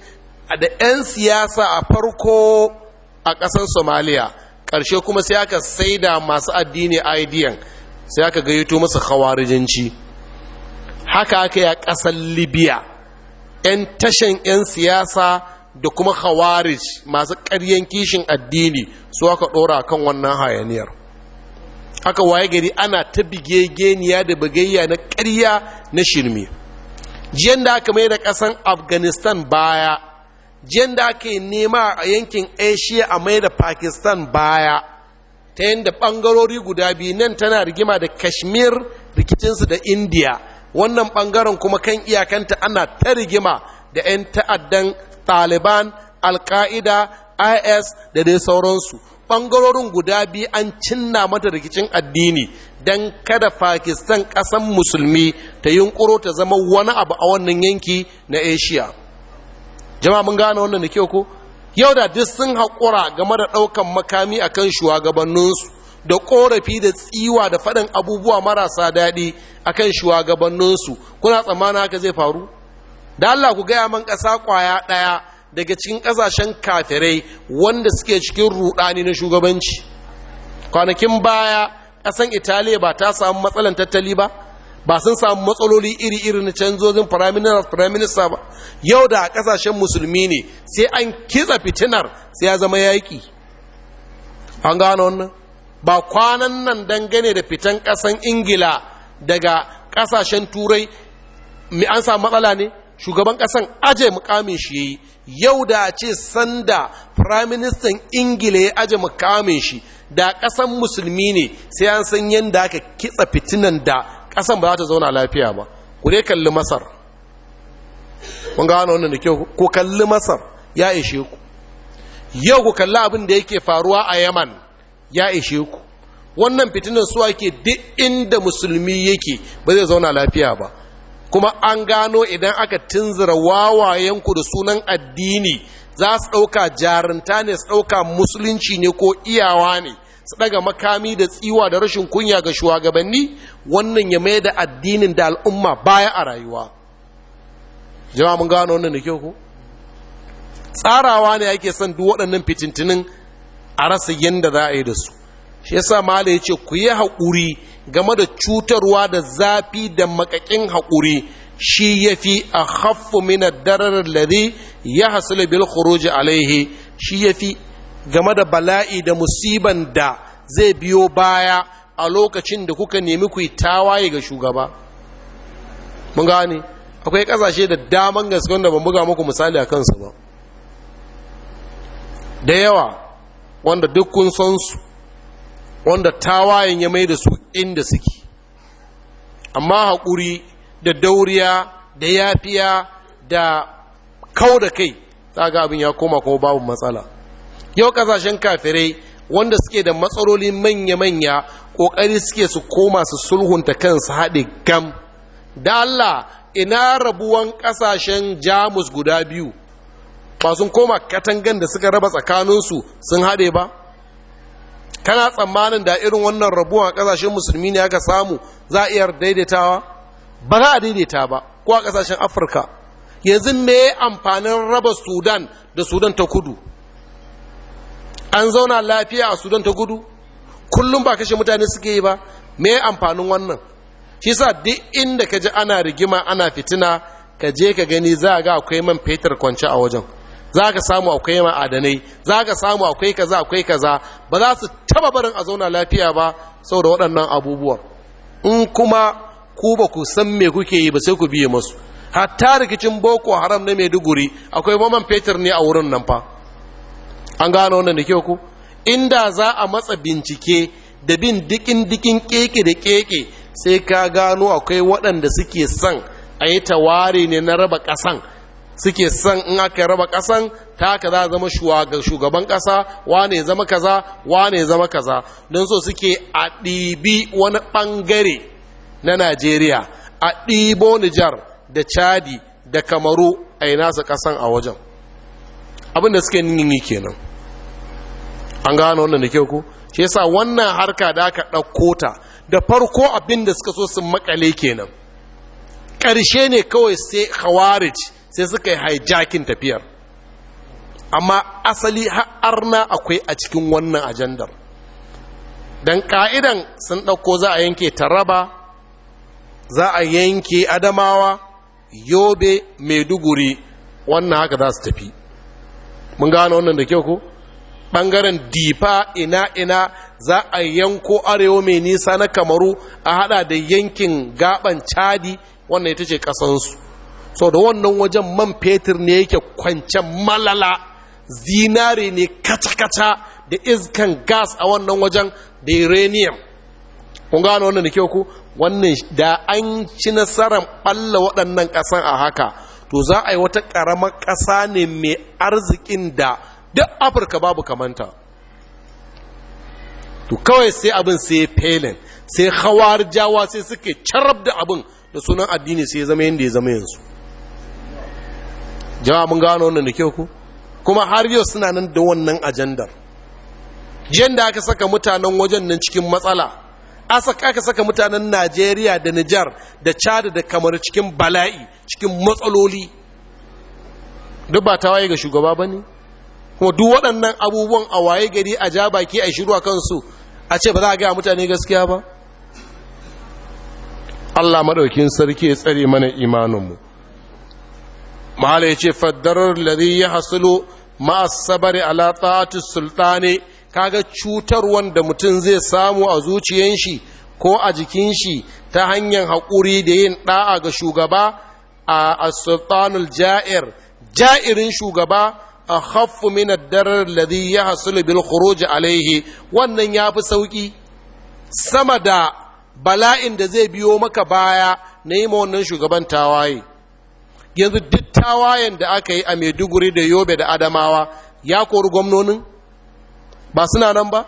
da 'yan siyasa a farko a ƙasar somaliya ƙarshe kuma sai aka saida masu addini IDN, sai aka gayyato musu hawarijinci haka aka yi a ƙasar libya 'yan tashan 'yan siyasa da kuma hawarij masu ƙaryen kishin addini su aka ɗora kan wannan hayaniyar haka waye gari ana ta bige geniya da bugayya na ƙarya na shirme jiyan da aka mai da ƙasan afghanistan baya jiyan da aka yi nema a yankin asia a mai da pakistan baya ta yadda ɓangarori guda biyu nan tana rigima da kashmir rikicinsu da india wannan ɓangaren kuma kan iyakanta ana ta rigima da 'yan ta'addan taliban al-qaida is da dai sauransu Bangarorin guda biyu an cinna mata rikicin addini don kada pakistan kasan musulmi ta yunkuro ta zama wani abu a wannan yanki na asia jama'a mun gane wannan da kyau ko yau da duk sun haƙura game da ɗaukan makami a kan shugabanninsu da ƙorafi da tsiwa da faɗin abubuwa marasa daɗi a kan shugabanninsu kuna tsammanin haka zai faru da allah ku gaya man ƙasa ƙwaya ɗaya daga cikin kasashen kafirai wanda suke cikin rudani na shugabanci kwanakin baya kasan italiya ba ta samu matsalan tattali ba ba sun samu matsaloli iri-iri na canzozin firaminista ba yau da a ƙasashen musulmi ne sai an kitsa fitinar sai ya zama yaƙi an gano wannan ba kwanan nan dangane da fitan kasan ingila daga ƙasashen turai an samu matsala ne shugaban ƙasan aje mukamin shi yayi yau da ce sanda firaministan ingila ya aje mukamin shi da ƙasan musulmi ne sai an san yadda aka kitsa fitinan da ƙasan ba za ta zauna lafiya ba ku dai kalli masar kun wani wannan da kyau ku kalli masar ya ishe ku yau ku kalli abin da yake faruwa a yaman ya ishe ku wannan fitinan suwa ke duk inda musulmi yake ba zai zauna lafiya ba kuma an gano idan aka tunzura wawayenku da sunan addini za su ɗauka jarinta ne su ɗauka musulunci ne ko iyawa ne su ɗaga makami da tsiwa da rashin kunya ga shugabanni wannan ya mai da addinin da al'umma baya a rayuwa jama'a mun gano wannan da kyau ko tsarawa ne ake son duk waɗannan fitintinin a rasa yadda za a yi da su shi yasa mala ya ce ku yi haƙuri game da cutarwa da zafi da makakin haƙuri shi ya fi a haffu mina dararar lade ya hasila bil khuruji alaihi shi ya fi game da bala'i da musiban da zai biyo baya a lokacin da kuka nemi ku tawaye ga shugaba mun gane akwai ƙasashe da daman gaske wanda ban buga muku misali a kansu ba da yawa wanda duk kun san su wanda tawayen ya mai da su inda suke amma haƙuri da dauriya da yafiya da kau da kai ta ga abin ya koma kuma babu matsala yau ƙasashen kafirai wanda suke da matsaloli manya-manya ƙoƙari suke su koma su sulhunta kansu haɗe gam da Allah ina rabuwan ƙasashen jamus guda biyu ba sun koma katangan da suka raba tsakaninsu sun haɗe ba kana tsammanin da irin wannan rabuwa a kasashen musulmi ne aka samu za a iya daidaitawa ba za a daidaita ba ko a kasashen afirka yanzu me amfanin raba sudan da sudan ta kudu an zauna lafiya a sudan ta kudu kullum ba kashe mutane suke yi ba me amfanin wannan shi sa duk inda ka ji ana rigima ana fitina ka je ka gani za a ga akwai man fetur kwance a wajen za ka samu akwai ma'adanai za ka samu akwai kaza akwai kaza ba za su taba barin a zauna lafiya ba sau da waɗannan abubuwa in kuma ku ba ku san me kuke yi ba sai ku biye masu hatta rikicin boko haram na maiduguri akwai maman fetur ne a wurin nan fa an gano wannan da kyau ku inda za a matsa bincike da bin dikin dikin keke da keke sai ka gano akwai waɗanda suke son a yi tawari ne na raba ƙasan suke son in aka raba ƙasan ta ka za zama shugaban ƙasa wane zama kaza wane zama kaza don so suke a ɗibi wani ɓangare na najeriya a ɗibo nijar da chadi da kamaru a yi nasa ƙasan a wajen abinda suke nini kenan an gano wannan da kyau ku shi yasa wannan harka da aka ɗauko ta da farko abin da suka so su makale kenan ƙarshe ne kawai sai khawarij sai suka yi hijacking tafiyar amma asali har na akwai a cikin wannan ajandar don ka'idan sun ɗauko za a yanke taraba za a yanke adamawa yobe maiduguri wannan haka za su tafi mun gano wannan da kyau ko ɓangaren difa ina-ina za a yanko arewa mai nisa na kamaru a hada da yankin gaban chadi wannan ita ce ƙasansu so da wannan wajen man fetur ne yake kwancen malala zinare ne kaca-kaca da iskan gas a wannan wajen da uranium kun gano wannan da ku wannan da an ci nasarar balla waɗannan ƙasan a haka to za a yi wata ƙaramar ƙasa ne mai arzikin da duk afirka babu kamanta to kawai sai abin sai felin sai hawar jawa sai suke carab da abin da sunan addini sai ya zama yadda ya zama yanzu jama'a mun gano wannan da kyau ku kuma har yau suna nan da wannan ajandar jiyan da aka saka mutanen wajen nan cikin matsala aka saka mutanen najeriya da nijar da chad da kamar cikin bala'i cikin matsaloli duk ba ta waye ga shugaba ba ne kuma duk waɗannan abubuwan a waye gari a ja baki a shiru a kansu a ce ba za a gaya mutane gaskiya ba allah maɗaukin sarki ya tsare mana imaninmu mahala ya ce faddarar lari ya hasilo ma'asabari ala ta'atis sultani kaga cutar wanda mutum zai samu a zuciyan shi ko a jikin shi ta hanyar haƙuri da yin ɗa'a ga shugaba a sultanul ja'ir ja'irin shugaba a haffu darar lari ya hasilo bil alaihi wannan ya fi sauƙi sama da bala'in da zai biyo maka baya na yi ma wannan shugaban tawaye yanzu duk tawayen da aka yi a maiduguri da yobe da adamawa ya kori gwamnonin ba suna nan ba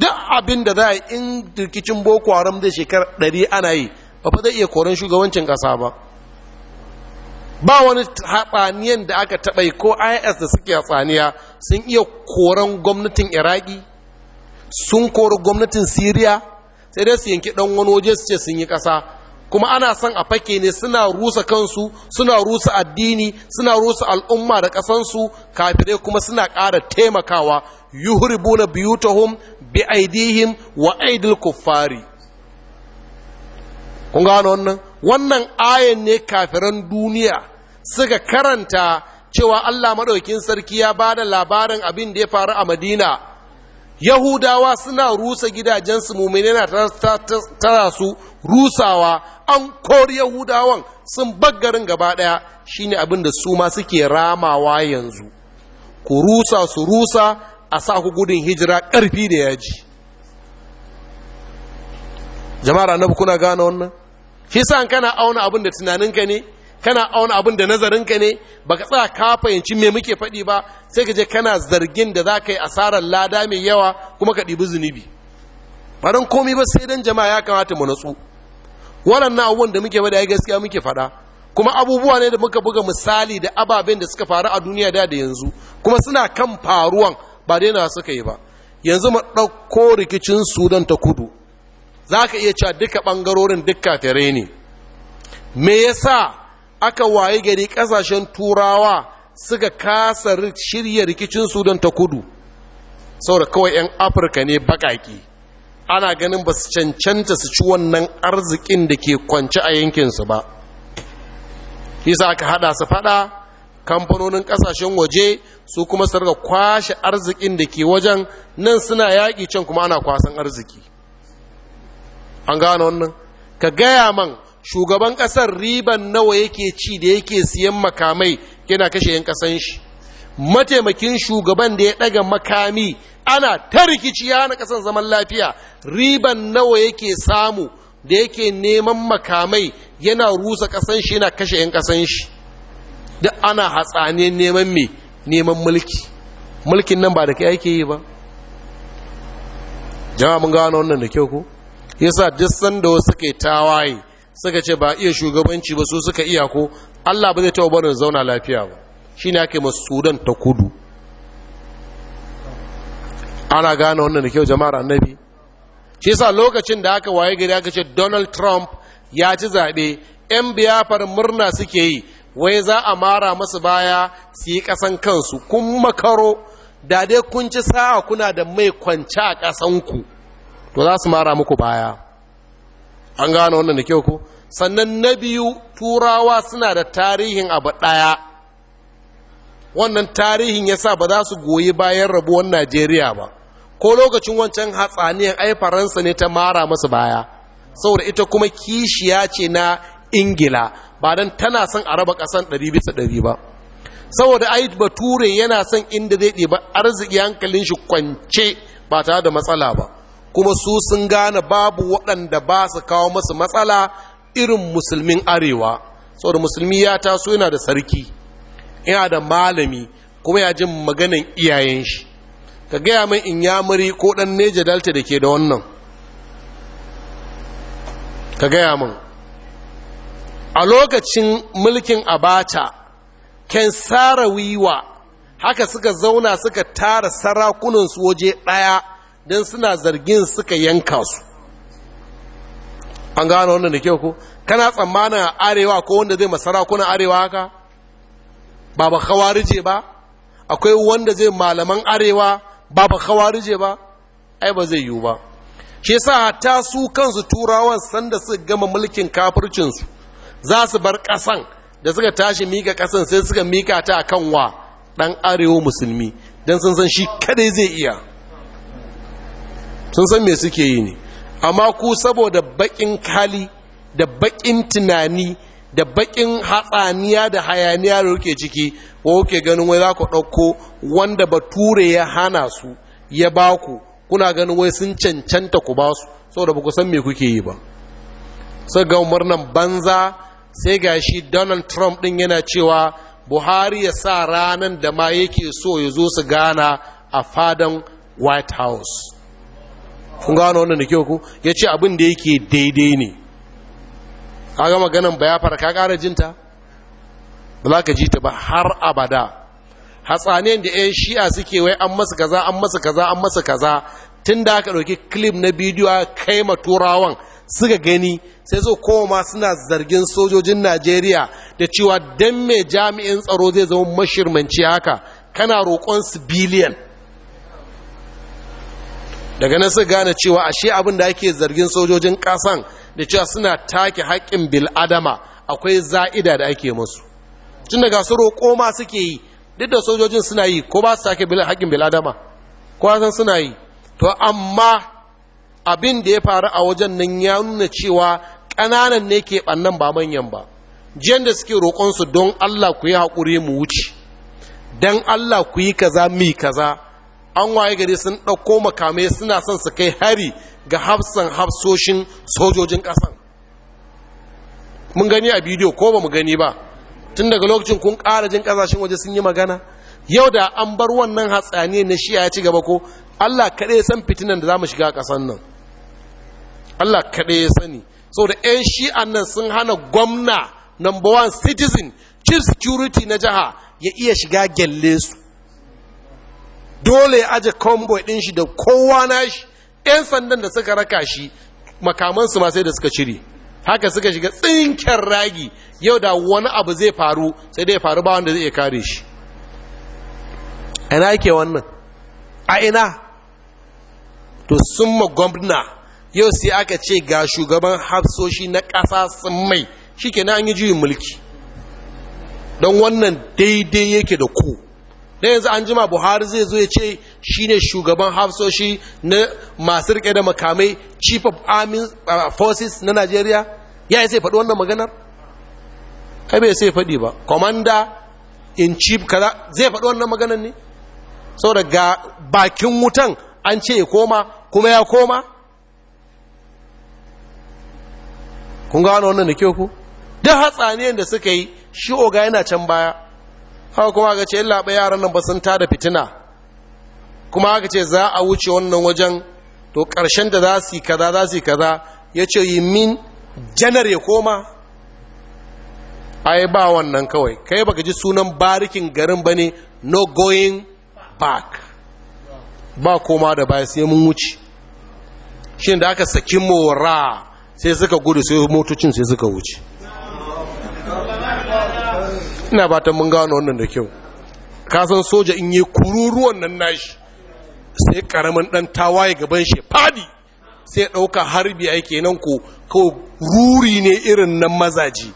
duk abin da za a in rikicin boko haram da shekarar ɗari ana yi ba fa zai iya koren shugabancin ƙasa ba ba wani haɓaniyan da aka taɓa ko is da suke tsaniya sun iya koren gwamnatin iraki sun kori gwamnatin siriya sai dai su yanki ɗan wani waje su ce sun yi ƙasa kuma ana son a fake ne suna rusa kansu suna rusa addini suna rusa al'umma da ƙasansu kafirai kuma suna ƙara taimakawa ta biyutahum bi aidihim wa aidil kuffari kun gano wannan wannan ayan ne kafiran duniya suka karanta cewa Allah maɗaukin sarki ya ba da labarin abin da ya faru a Madina Yahudawa suna rusa gidajensu mumine na tara su rusawa an kori yahudawan sun baggarin gaba ɗaya shine abin da su ma suke ramawa yanzu ku rusa su rusa a sa ku gudun hijira ƙarfi da yaji jama'ar annabu kuna gane wannan shi sa kana auna abin da tunaninka ne kana auna abin da nazarinka ne baka tsaya ka fahimci me muke faɗi ba sai ka je kana zargin da za ka yi asarar lada mai yawa kuma ka ɗibi zunubi ba don komi ba sai don jama'a ya kamata mu natsu waɗannan abubuwan da muke bada ya gaskiya muke faɗa kuma abubuwa ne da muka buga misali da ababen da suka faru a duniya da da yanzu kuma suna kan faruwan ba daina suka yi ba yanzu mu ɗauko rikicin sudan ta kudu za ka iya cewa duka ɓangarorin duka tare ne me yasa aka waye gari ƙasashen turawa suka kasa shirya rikicin sudan ta kudu saboda kawai 'yan afirka ne baƙaƙi ana ganin ba su cancanta su ci wannan arzikin da ke kwance a yankinsu ba kisa aka hada su fada kamfanonin kasashen waje su kuma su rika kwashe arzikin da ke wajen nan suna yaƙi can kuma ana kwasan arziki an gano wannan ka gaya man shugaban ƙasar riban nawa yake ci da yake siyan makamai yana kashe yan ƙasan shi mataimakin shugaban da ya ɗaga makami ana ta rikici na hana zaman lafiya riban nawa yake samu da yake neman makamai yana rusa ƙasan shi yana kashe 'yan ƙasan shi da ana hatsane neman mai neman mulki mulkin nan ba da kai ake yi ba jama'a mun gano wannan da kyau ko yasa duk sanda wasu suka tawaye suka ce ba iya shugabanci ba su suka iya ko Allah ba zai taɓa barin zauna lafiya ba shine ake masu sudan ta kudu ana gane wannan da kyau jama'ar annabi shi yasa lokacin da aka waye gari aka ce Donald Trump ya ci zaɓe 'yan biyafar murna suke yi wai za a mara masu baya su yi ƙasan kansu kun makaro da dai kun ci sa'a kuna da mai kwanci a ƙasanku to za su mara muku baya an gane wannan da kyau ku sannan na biyu turawa suna da tarihin abu ɗaya wannan tarihin ya sa ba za su goyi bayan rabuwar najeriya ba ko lokacin wancan hatsaniyar ai faransa ne ta mara masu baya saboda ita kuma kishiya ce na ingila ba don tana son a raba ƙasan ɗari bisa ɗari ba saboda ai bature yana son inda zai ɗiba arziki hankalin shi kwance ba tare da matsala ba kuma su sun gane babu waɗanda ba su kawo masu matsala irin musulmin arewa saboda musulmi ya taso yana da sarki yana da malami kuma ya jin maganan iyayen shi ka gaya min in yamuri ko ɗan neja dalta da ke da wannan ka gaya min a lokacin mulkin abata ken tsara wiwa haka suka zauna suka tara sarakunansu waje ɗaya don suna zargin suka yanka su an gano wannan da kyau ku? kana tsammanin a arewa ko wanda zai masarakunan arewa haka ba ba kawarije ba akwai wanda zai malaman arewa ba ba ba ai ba zai yiwu ba shi yasa hatta su kansu turawan sanda suka gama mulkin kafircinsu za su bar ƙasan da suka tashi mika ƙasan sai suka mika ta akan wa ɗan arewa musulmi don sun san shi kadai zai iya sun san me suke yi ne amma ku saboda baƙin kali da baƙin tunani da bakin hatsaniya da hayaniya da ruke ciki ko ke ganin wai za ku ɗauko wanda bature ya hana su ya ba ku kuna ganin wai sun cancanta ku ba su da ba ku san me kuke yi ba sai ga murnan banza sai ga shi donald trump ɗin yana cewa buhari ya sa ranar da ma yake so ya zo su gana a fadan white house kun gano wannan da kyau ku ya ce abin da yake daidai ne kaga maganan ba ya fara ka ƙara jinta ba za ka ji ta ba har abada hatsaniyar da 'yan shi'a suke wai an masa kaza an masa kaza an masa kaza tun da aka ɗauki klip na bidiyo a kai ma turawan suka gani sai su koma suna zargin sojojin najeriya da cewa don mai jami'in tsaro zai zama mashirmanci haka kana roƙon su biliyan daga nan su gane cewa ashe abin da ake zargin sojojin kasan da cewa suna take haƙƙin bil'adama akwai za'ida da ake musu tun daga su roƙo ma suke yi duk da sojojin suna yi ko ba su take haƙƙin bil'adama ko san suna yi to amma abin da ya faru a wajen nan ya nuna cewa ƙananan ne ke ɓannan ba manyan ba jiyan da suke roƙonsu don allah ku yi haƙuri mu wuce don allah ku yi kaza mi kaza an waye gari sun ɗauko makamai suna son su kai hari ga hafsan hafsoshin sojojin ƙasan mun gani a bidiyo ko ba mu gani ba tun daga lokacin kun ƙara jin ƙasashen waje sun yi magana yau da an bar wannan hatsani na shi ya ci gaba ko allah kaɗai san fitinan da za mu shiga ƙasan nan allah kaɗai ya sani Sau saboda 'yan shi'an nan sun hana gwamna number one citizen chief security na jiha ya iya shiga gyalle su dole ya aje kombo din shi da kowa na shi ɗan sandan da suka raka shi makamansu ma sai da suka cire haka suka shiga tsinken ragi yau da wani abu zai faru sai dai faru ba wanda zai kare shi ina yake wannan a ina to sun ma gwamna yau sai aka ce ga shugaban hafsoshi na ƙasa sun mai shi ke na an yi juyin mulki don wannan daidai yake da ku da yanzu an jima buhari zai zo ya ce shi ne shugaban hafsoshi na masu rike da makamai chief of army uh, forces na najeriya ya yi sai faɗi wannan maganar kai bai sai faɗi ba commander in chief kaza zai faɗi wannan maganar ne Sau ga bakin wutan an ce ya koma kuma ya koma kun gano wannan da kyau ku duk hatsaniyar da suka yi shi oga yana can baya haka kuma aka ce illa yaran nan ba sun tada fitina kuma aka ce za a wuce wannan wajen to ƙarshen da za su yi kaza za su yi kaza ya ce yi min janar ya koma ai ba wannan kawai kai baka ji sunan barikin garin ba ne no going back ba koma da baya sai mun wuce shi da aka saki mora sai suka gudu sai motocin sai suka wuce ina ba ta mun gano wannan da kyau kasan soja in yi kururuwan nan nashi sai karamin dan tawaye gaban shi fadi sai ɗauka harbi ake nan ko kawai ruri ne irin nan mazaji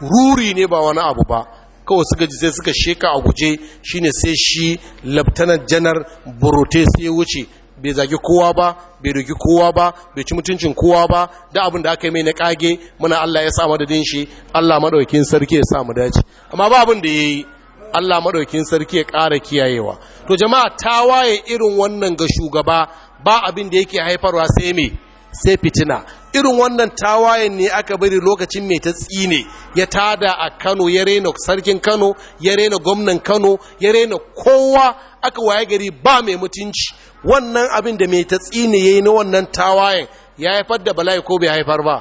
ruri ne ba wani abu ba kawai suka ji sai suka sheka a guje shine sai shi laftanar janar burote sai wuce bai zagi kowa ba bai rugi kowa ba bai ci mutuncin kowa ba da abin da aka yi mai na kage muna Allah ya sa madadin shi Allah madaukin sarki ya sa mu dace amma ba abin da yayi Allah madaukin sarki ya ƙara kiyayewa to jama'a ta waye irin wannan ga shugaba ba abin da yake haifarwa sai me sai fitina irin wannan tawayen ne aka bari lokacin mai ta tsine ya tada a kano ya rena sarkin kano ya rena gwamnan kano ya rena kowa aka waye gari ba mai mutunci wannan abin da mai ta tsine ya yi na wannan tawayen ya haifar da bala'i ko bai haifar ba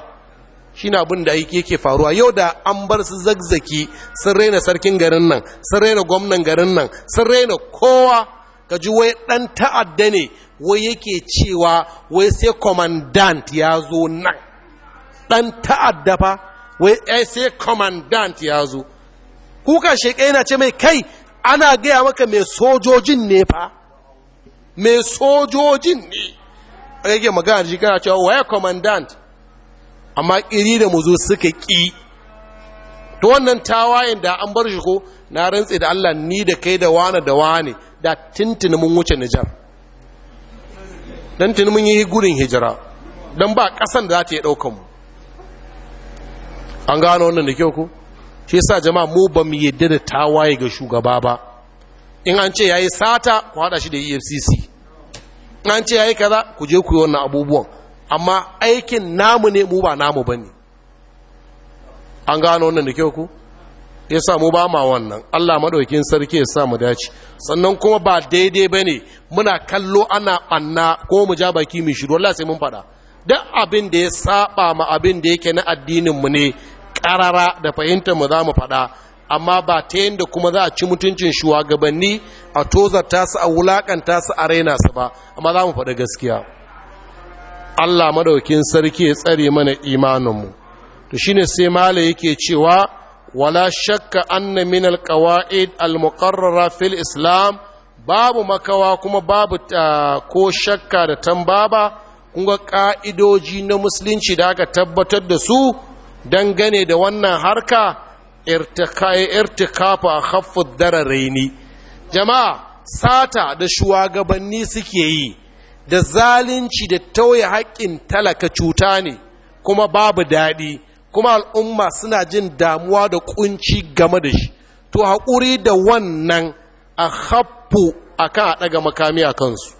shi na abin da yake faruwa yau da an bar su zagzaki sun raina sarkin garin nan sun raina gwamnan garin nan sun raina kowa ka ji wai ɗan ta'adda ne wai yake cewa wai sai commandant ya zo nan ɗan ta'adda fa wai eh, sai commandant ya zo kuka shekai na ce mai kai ana gaya maka mai sojojin ne fa mai sojojin ne a yake magana shi kana cewa waya commandant amma iri da muzu suka ƙi to wannan tawayen da an bar shi ko na rantse da Allah ni da kai da wane da wane da tintini mun wuce nijar don tuni mun yi gudun hijira don ba ƙasan da za ta yi ɗaukan mu an gano wannan da kyau ku shi sa jama'a mu ba mu yadda da tawaye ga shugaba ba in an ce ya yi sata ku haɗa shi da efcc in an ce ya yi kaza ku je ku yi wannan abubuwan amma aikin namu ne mu ba namu ba ne an gano wannan da kyau ku ya samu ba ma wannan Allah maɗaukin sarki ya samu dace sannan kuma ba daidai ba ne muna kallo ana ɓanna ko mu ja baki mai shiru Allah sai mun faɗa duk abin da ya saba ma abin da yake na addininmu ne ƙarara da fahimtar mu za mu faɗa amma ba ta yadda kuma za a ci mutuncin shugabanni a tozarta su a wulaƙanta su a raina su ba amma za mu faɗa gaskiya Allah maɗaukin sarki ya tsare mana imaninmu to shine sai mala yake cewa ولا شك أن من القواعد المقررة في الإسلام باب مكوا كما باب كو شك تنبابا kunga ƙa'idoji na musulunci da aka tabbatar da su dangane da wannan harka irtikafa a haffud dararraini. jama'a sata da shugabanni suke yi da zalunci da tauye haƙƙin talaka cuta ne kuma babu daɗi kuma al'umma suna jin damuwa da kunci game da shi to haƙuri da wannan a haɓu a kan a ɗaga makami a kansu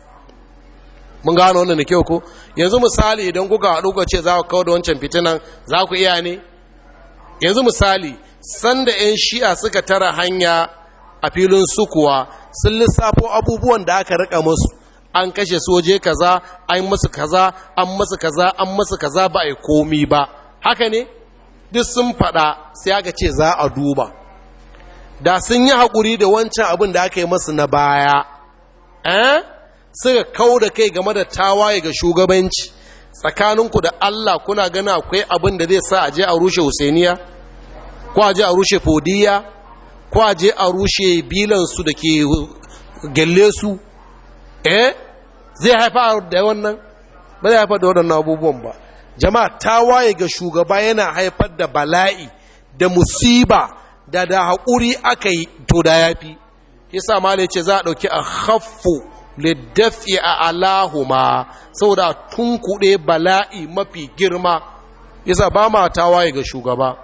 mun gano wannan da kyau ko yanzu misali idan kuka haɗu ka ce za ku kawo da wancan fitinan za ku iya ne yanzu misali sanda 'yan shi'a suka tara hanya a filin sukuwa sun lissafo abubuwan da aka rika musu an kashe soje kaza an masu kaza an masu kaza an masu kaza ba a yi komi ba haka ne duk sun faɗa sai aka ce za a duba da sun yi haƙuri da wancan abin da aka yi masu na baya eh suka kau da kai game da tawaye ga shugabanci tsakaninku da Allah kuna gana akwai abin da zai sa a je a rushe Husainiya ko a je a rushe Fodiya ko a je a rushe bilansu da ke gelle su eh zai haifa da wannan ba zai haifa da waɗannan abubuwan ba jama'a ta waye ga shugaba yana haifar da bala'i da musiba da da haƙuri aka yi to da ya fi yasa malai ce za a ɗauki a haffu liddafi a alahuma saboda tunkuɗe bala'i mafi girma yasa ba ma tawaye ga shugaba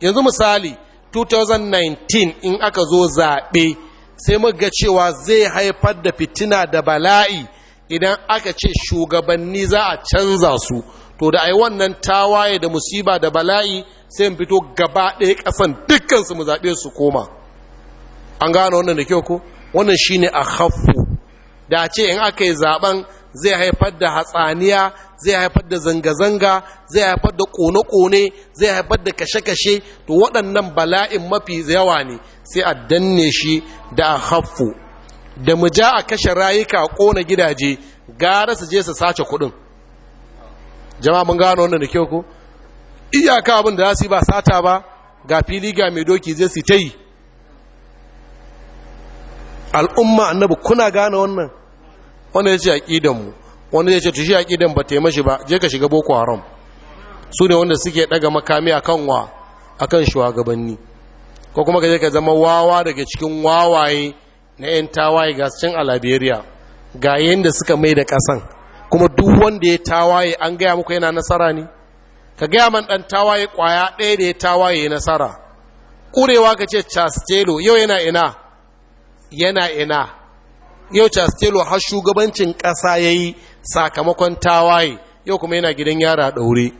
yanzu misali 2019 in aka zo zaɓe sai muga cewa zai haifar da fitina da bala'i idan aka ce shugabanni za a canza su to da ai wannan tawaye da musiba da bala'i sai mu fito gaba ɗaya ƙasan dukkan su mu zaɓe su koma an gane wannan da kyau ko wannan shine a haffu da ce in aka yi zaben zai haifar da hatsaniya zai haifar da zanga-zanga zai haifar da kone-kone zai haifar da kashe-kashe to waɗannan bala'in mafi yawa ne sai a danne shi da a haffu da mu ja a kashe rayuka a ƙona gidaje gara su je su sace kuɗin jama'a mun gano wannan da kyau ko iyaka abin da za su yi ba sata ba ga fili ga mai doki zai su ta yi al'umma annabi kuna gane wannan wanda ya ce aƙidanmu wanda ya ce tushi aƙidan ba ta yi mashi ba je ka shiga boko haram su ne wanda suke daga makami a kan wa a kan shugabanni ko kuma ka je ka zama wawa daga cikin wawaye na 'yan tawaye ga cikin a liberia ga yadda suka mai da ƙasan kuma duk wanda ya tawaye an gaya muku yana nasara ne ka gaya man dan tawaye kwaya ɗaya da ya tawaye nasara ƙurewa ka ce chastelo yau yana ina yana ina yau chastelo har shugabancin ƙasa ya yi sakamakon tawaye yau kuma yana gidan yara ɗaure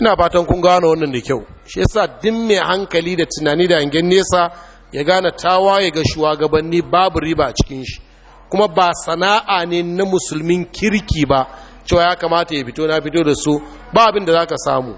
ina fatan kun gano wannan da kyau shi yasa duk mai hankali da tunani da hangen nesa ya gane tawaye ga shugabanni babu riba a cikin shi kuma ba sana'a ne na musulmin kirki ba cewa ya kamata ya fito na fito da su ba abin da za ka samu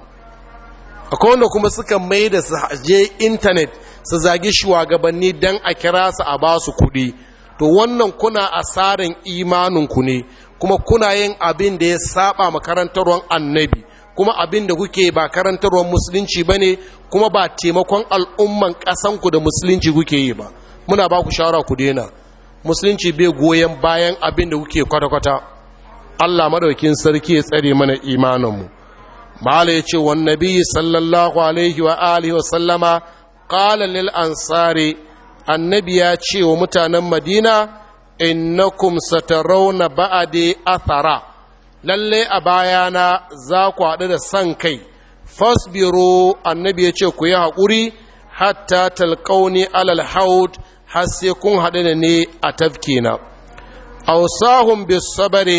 akwai wanda kuma suka mai da su je intanet su zagi shugabanni don a kira su a ba su kuɗi to wannan kuna asarin imaninku ne kuma kuna yin abin da ya saba makarantarwar annabi kuma abin da kuke ba karantarwar musulunci ba ne kuma ba taimakon al'umman ƙasanku da musulunci kuke yi ba muna ba ku shawara ku daina musulunci bai goyon bayan abin da kuke kwata-kwata allah madaukin sarki ya tsare mana imaninmu mala ya ce wani nabi sallallahu alaihi wa alihi wasallama ƙala ansari annabi ya ce wa mutanen madina innakum na ba'ade athara lalle a bayana za ku haɗu da san kai fasbiro annabi ya ce ku yi haƙuri hatta talƙauni alal haud har sai kun haɗe da ne a tafke na Ausahun bis sabare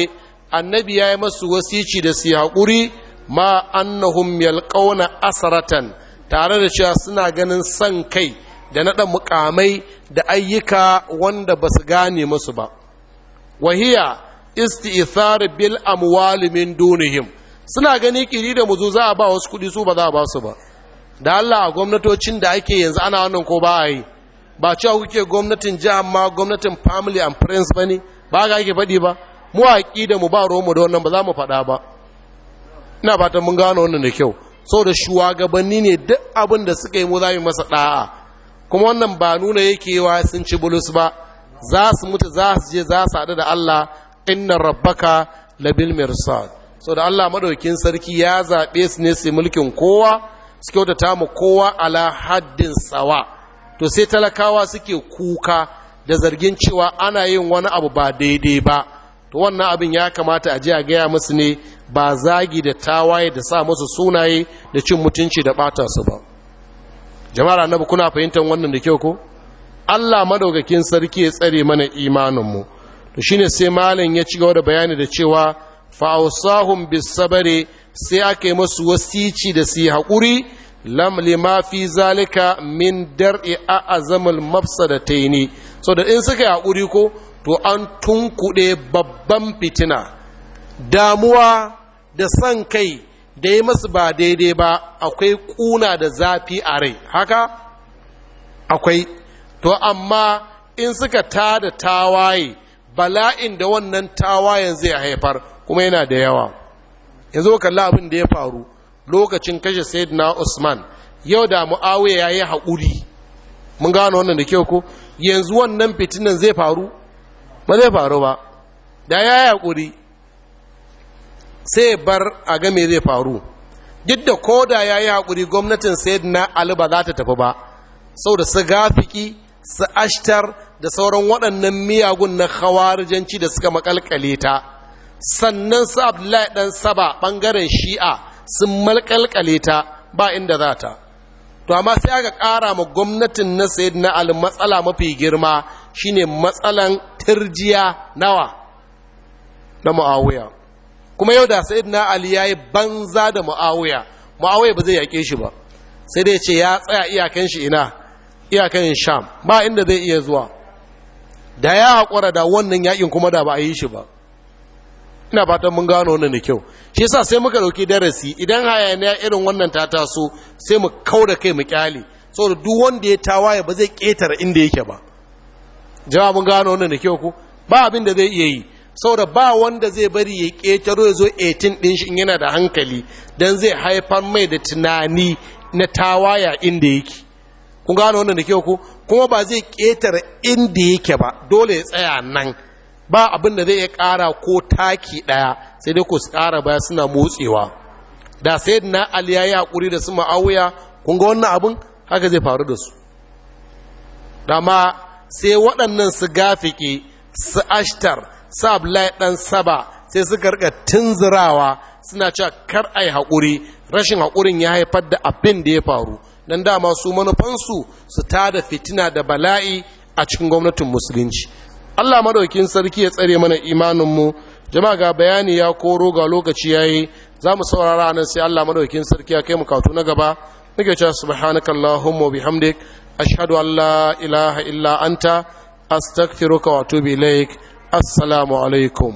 annabi ya yi masu wasici da su haƙuri ma annahum yalqauna asaratan tare da cewa suna ganin san kai da naɗa mukamai da ayyuka wanda ba su gane masu ba wahiya isti'thar bil amwal min dunihim suna gani ƙiri da muzu za a ba wasu kuɗi su ba za a ba su ba da Allah a gwamnatocin da ake yanzu ana wannan ko ba a yi ba cewa kuke gwamnatin jiha ma gwamnatin family and friends ba ne ba ga ake faɗi ba mu da mu ba ruwanmu da wannan ba za mu faɗa ba ina fatan mun gano wannan da kyau da shugabanni ne duk abin da suka yi mu za mu masa ɗa'a kuma wannan ba nuna yake wa sun ci bulus ba za su mutu za su je za su haɗu da Allah inna rabbaka labil mirsad da Allah madaukin sarki ya zaɓe su ne su mulkin kowa su kyautata mu kowa ala haddin sawa to sai talakawa suke kuka da zargin cewa ana yin wani abu ba daidai ba to wannan abin ya kamata a ji a gaya musu ne ba zagi da tawaye da sa musu sunaye da cin mutunci da bata su ba jama'ar annabi kuna fahimtar wannan da kyau ko Allah madaukakin sarki ya tsare mana imanin mu to shine sai malam ya ci gaba da bayani da cewa fa'ausahun ausahum sai aka yi musu wasici da su hakuri lam lima fi zalika min dar'i a'azamul mafsadataini so da in suka hakuri ko to an tunkuɗe babban fitina damuwa da san kai da yi masu ba daidai ba akwai ƙuna da zafi a rai haka akwai to amma in suka ta da tawaye bala'in da wannan tawayen zai haifar kuma yana da yawa yanzu kalla abin da ya faru lokacin kashe sayyidina usman yau da muawiya yayi haƙuri mun gano wannan da kyau ko yanzu wannan fitinan zai faru ba zai faru ba da ya yi haƙuri sai bar a game zai faru duk da koda ya yi haƙuri gwamnatin sayyidina ali ba za ta tafi ba sau da su gafiki su ashtar da sauran waɗannan miyagun na hawarijanci da suka makalkale ta sannan su abdullahi ɗan saba ɓangaren shi'a sun malƙalƙale ta ba inda za ta to amma sai aka ƙara ma gwamnatin na sayyidina ali matsala mafi girma shine matsalan tirjiya nawa na mu'awiya kuma yau da sayyidina ali yayi banza da mu'awiya mu'awiya ba zai yake shi ba sai dai ce ya tsaya iyakan shi ina iyakan sham ba inda zai iya zuwa da ya haƙura da wannan yaƙin kuma da ba a yi shi ba ina fatan mun gano wannan da kyau shi yasa sai muka dauki darasi idan hayaniya irin wannan ta taso sai mu kauda kai mu kyale saboda duk wanda ya tawaye ba zai ketar inda yake ba jama'a mun gano wannan da kyau ko ba abin da zai iya yi saboda ba wanda zai bari ya ketaro ya zo 18 ɗin shi yana da hankali dan zai haifar mai da tunani na tawaya inda yake kun gano wannan da kyau ko kuma ba zai ƙetare inda yake ba dole ya tsaya nan ba abin da zai iya ƙara ko taki ɗaya sai dai ku ƙara baya suna motsewa da sai na ali ya yi haƙuri da su ma'auya kun ga wannan abin haka zai faru da su dama sai waɗannan su gafiƙe su ashtar su abulai ɗan saba sai suka rika tunzurawa suna cewa kar a yi haƙuri rashin haƙurin ya haifar da abin da ya faru don dama su manufansu su tada fitina da bala'i a cikin gwamnatin musulunci Allah madaukin sarki ya tsare mana imanin mu jama'a ga bayani ya koro ga lokaci yayi za mu saurara nan sai Allah madaukin sarki ya kai mu kawo na gaba muke cewa subhanakallahumma bihamdik ashhadu an la ilaha illa anta astaghfiruka wa atubu ilaik assalamu alaikum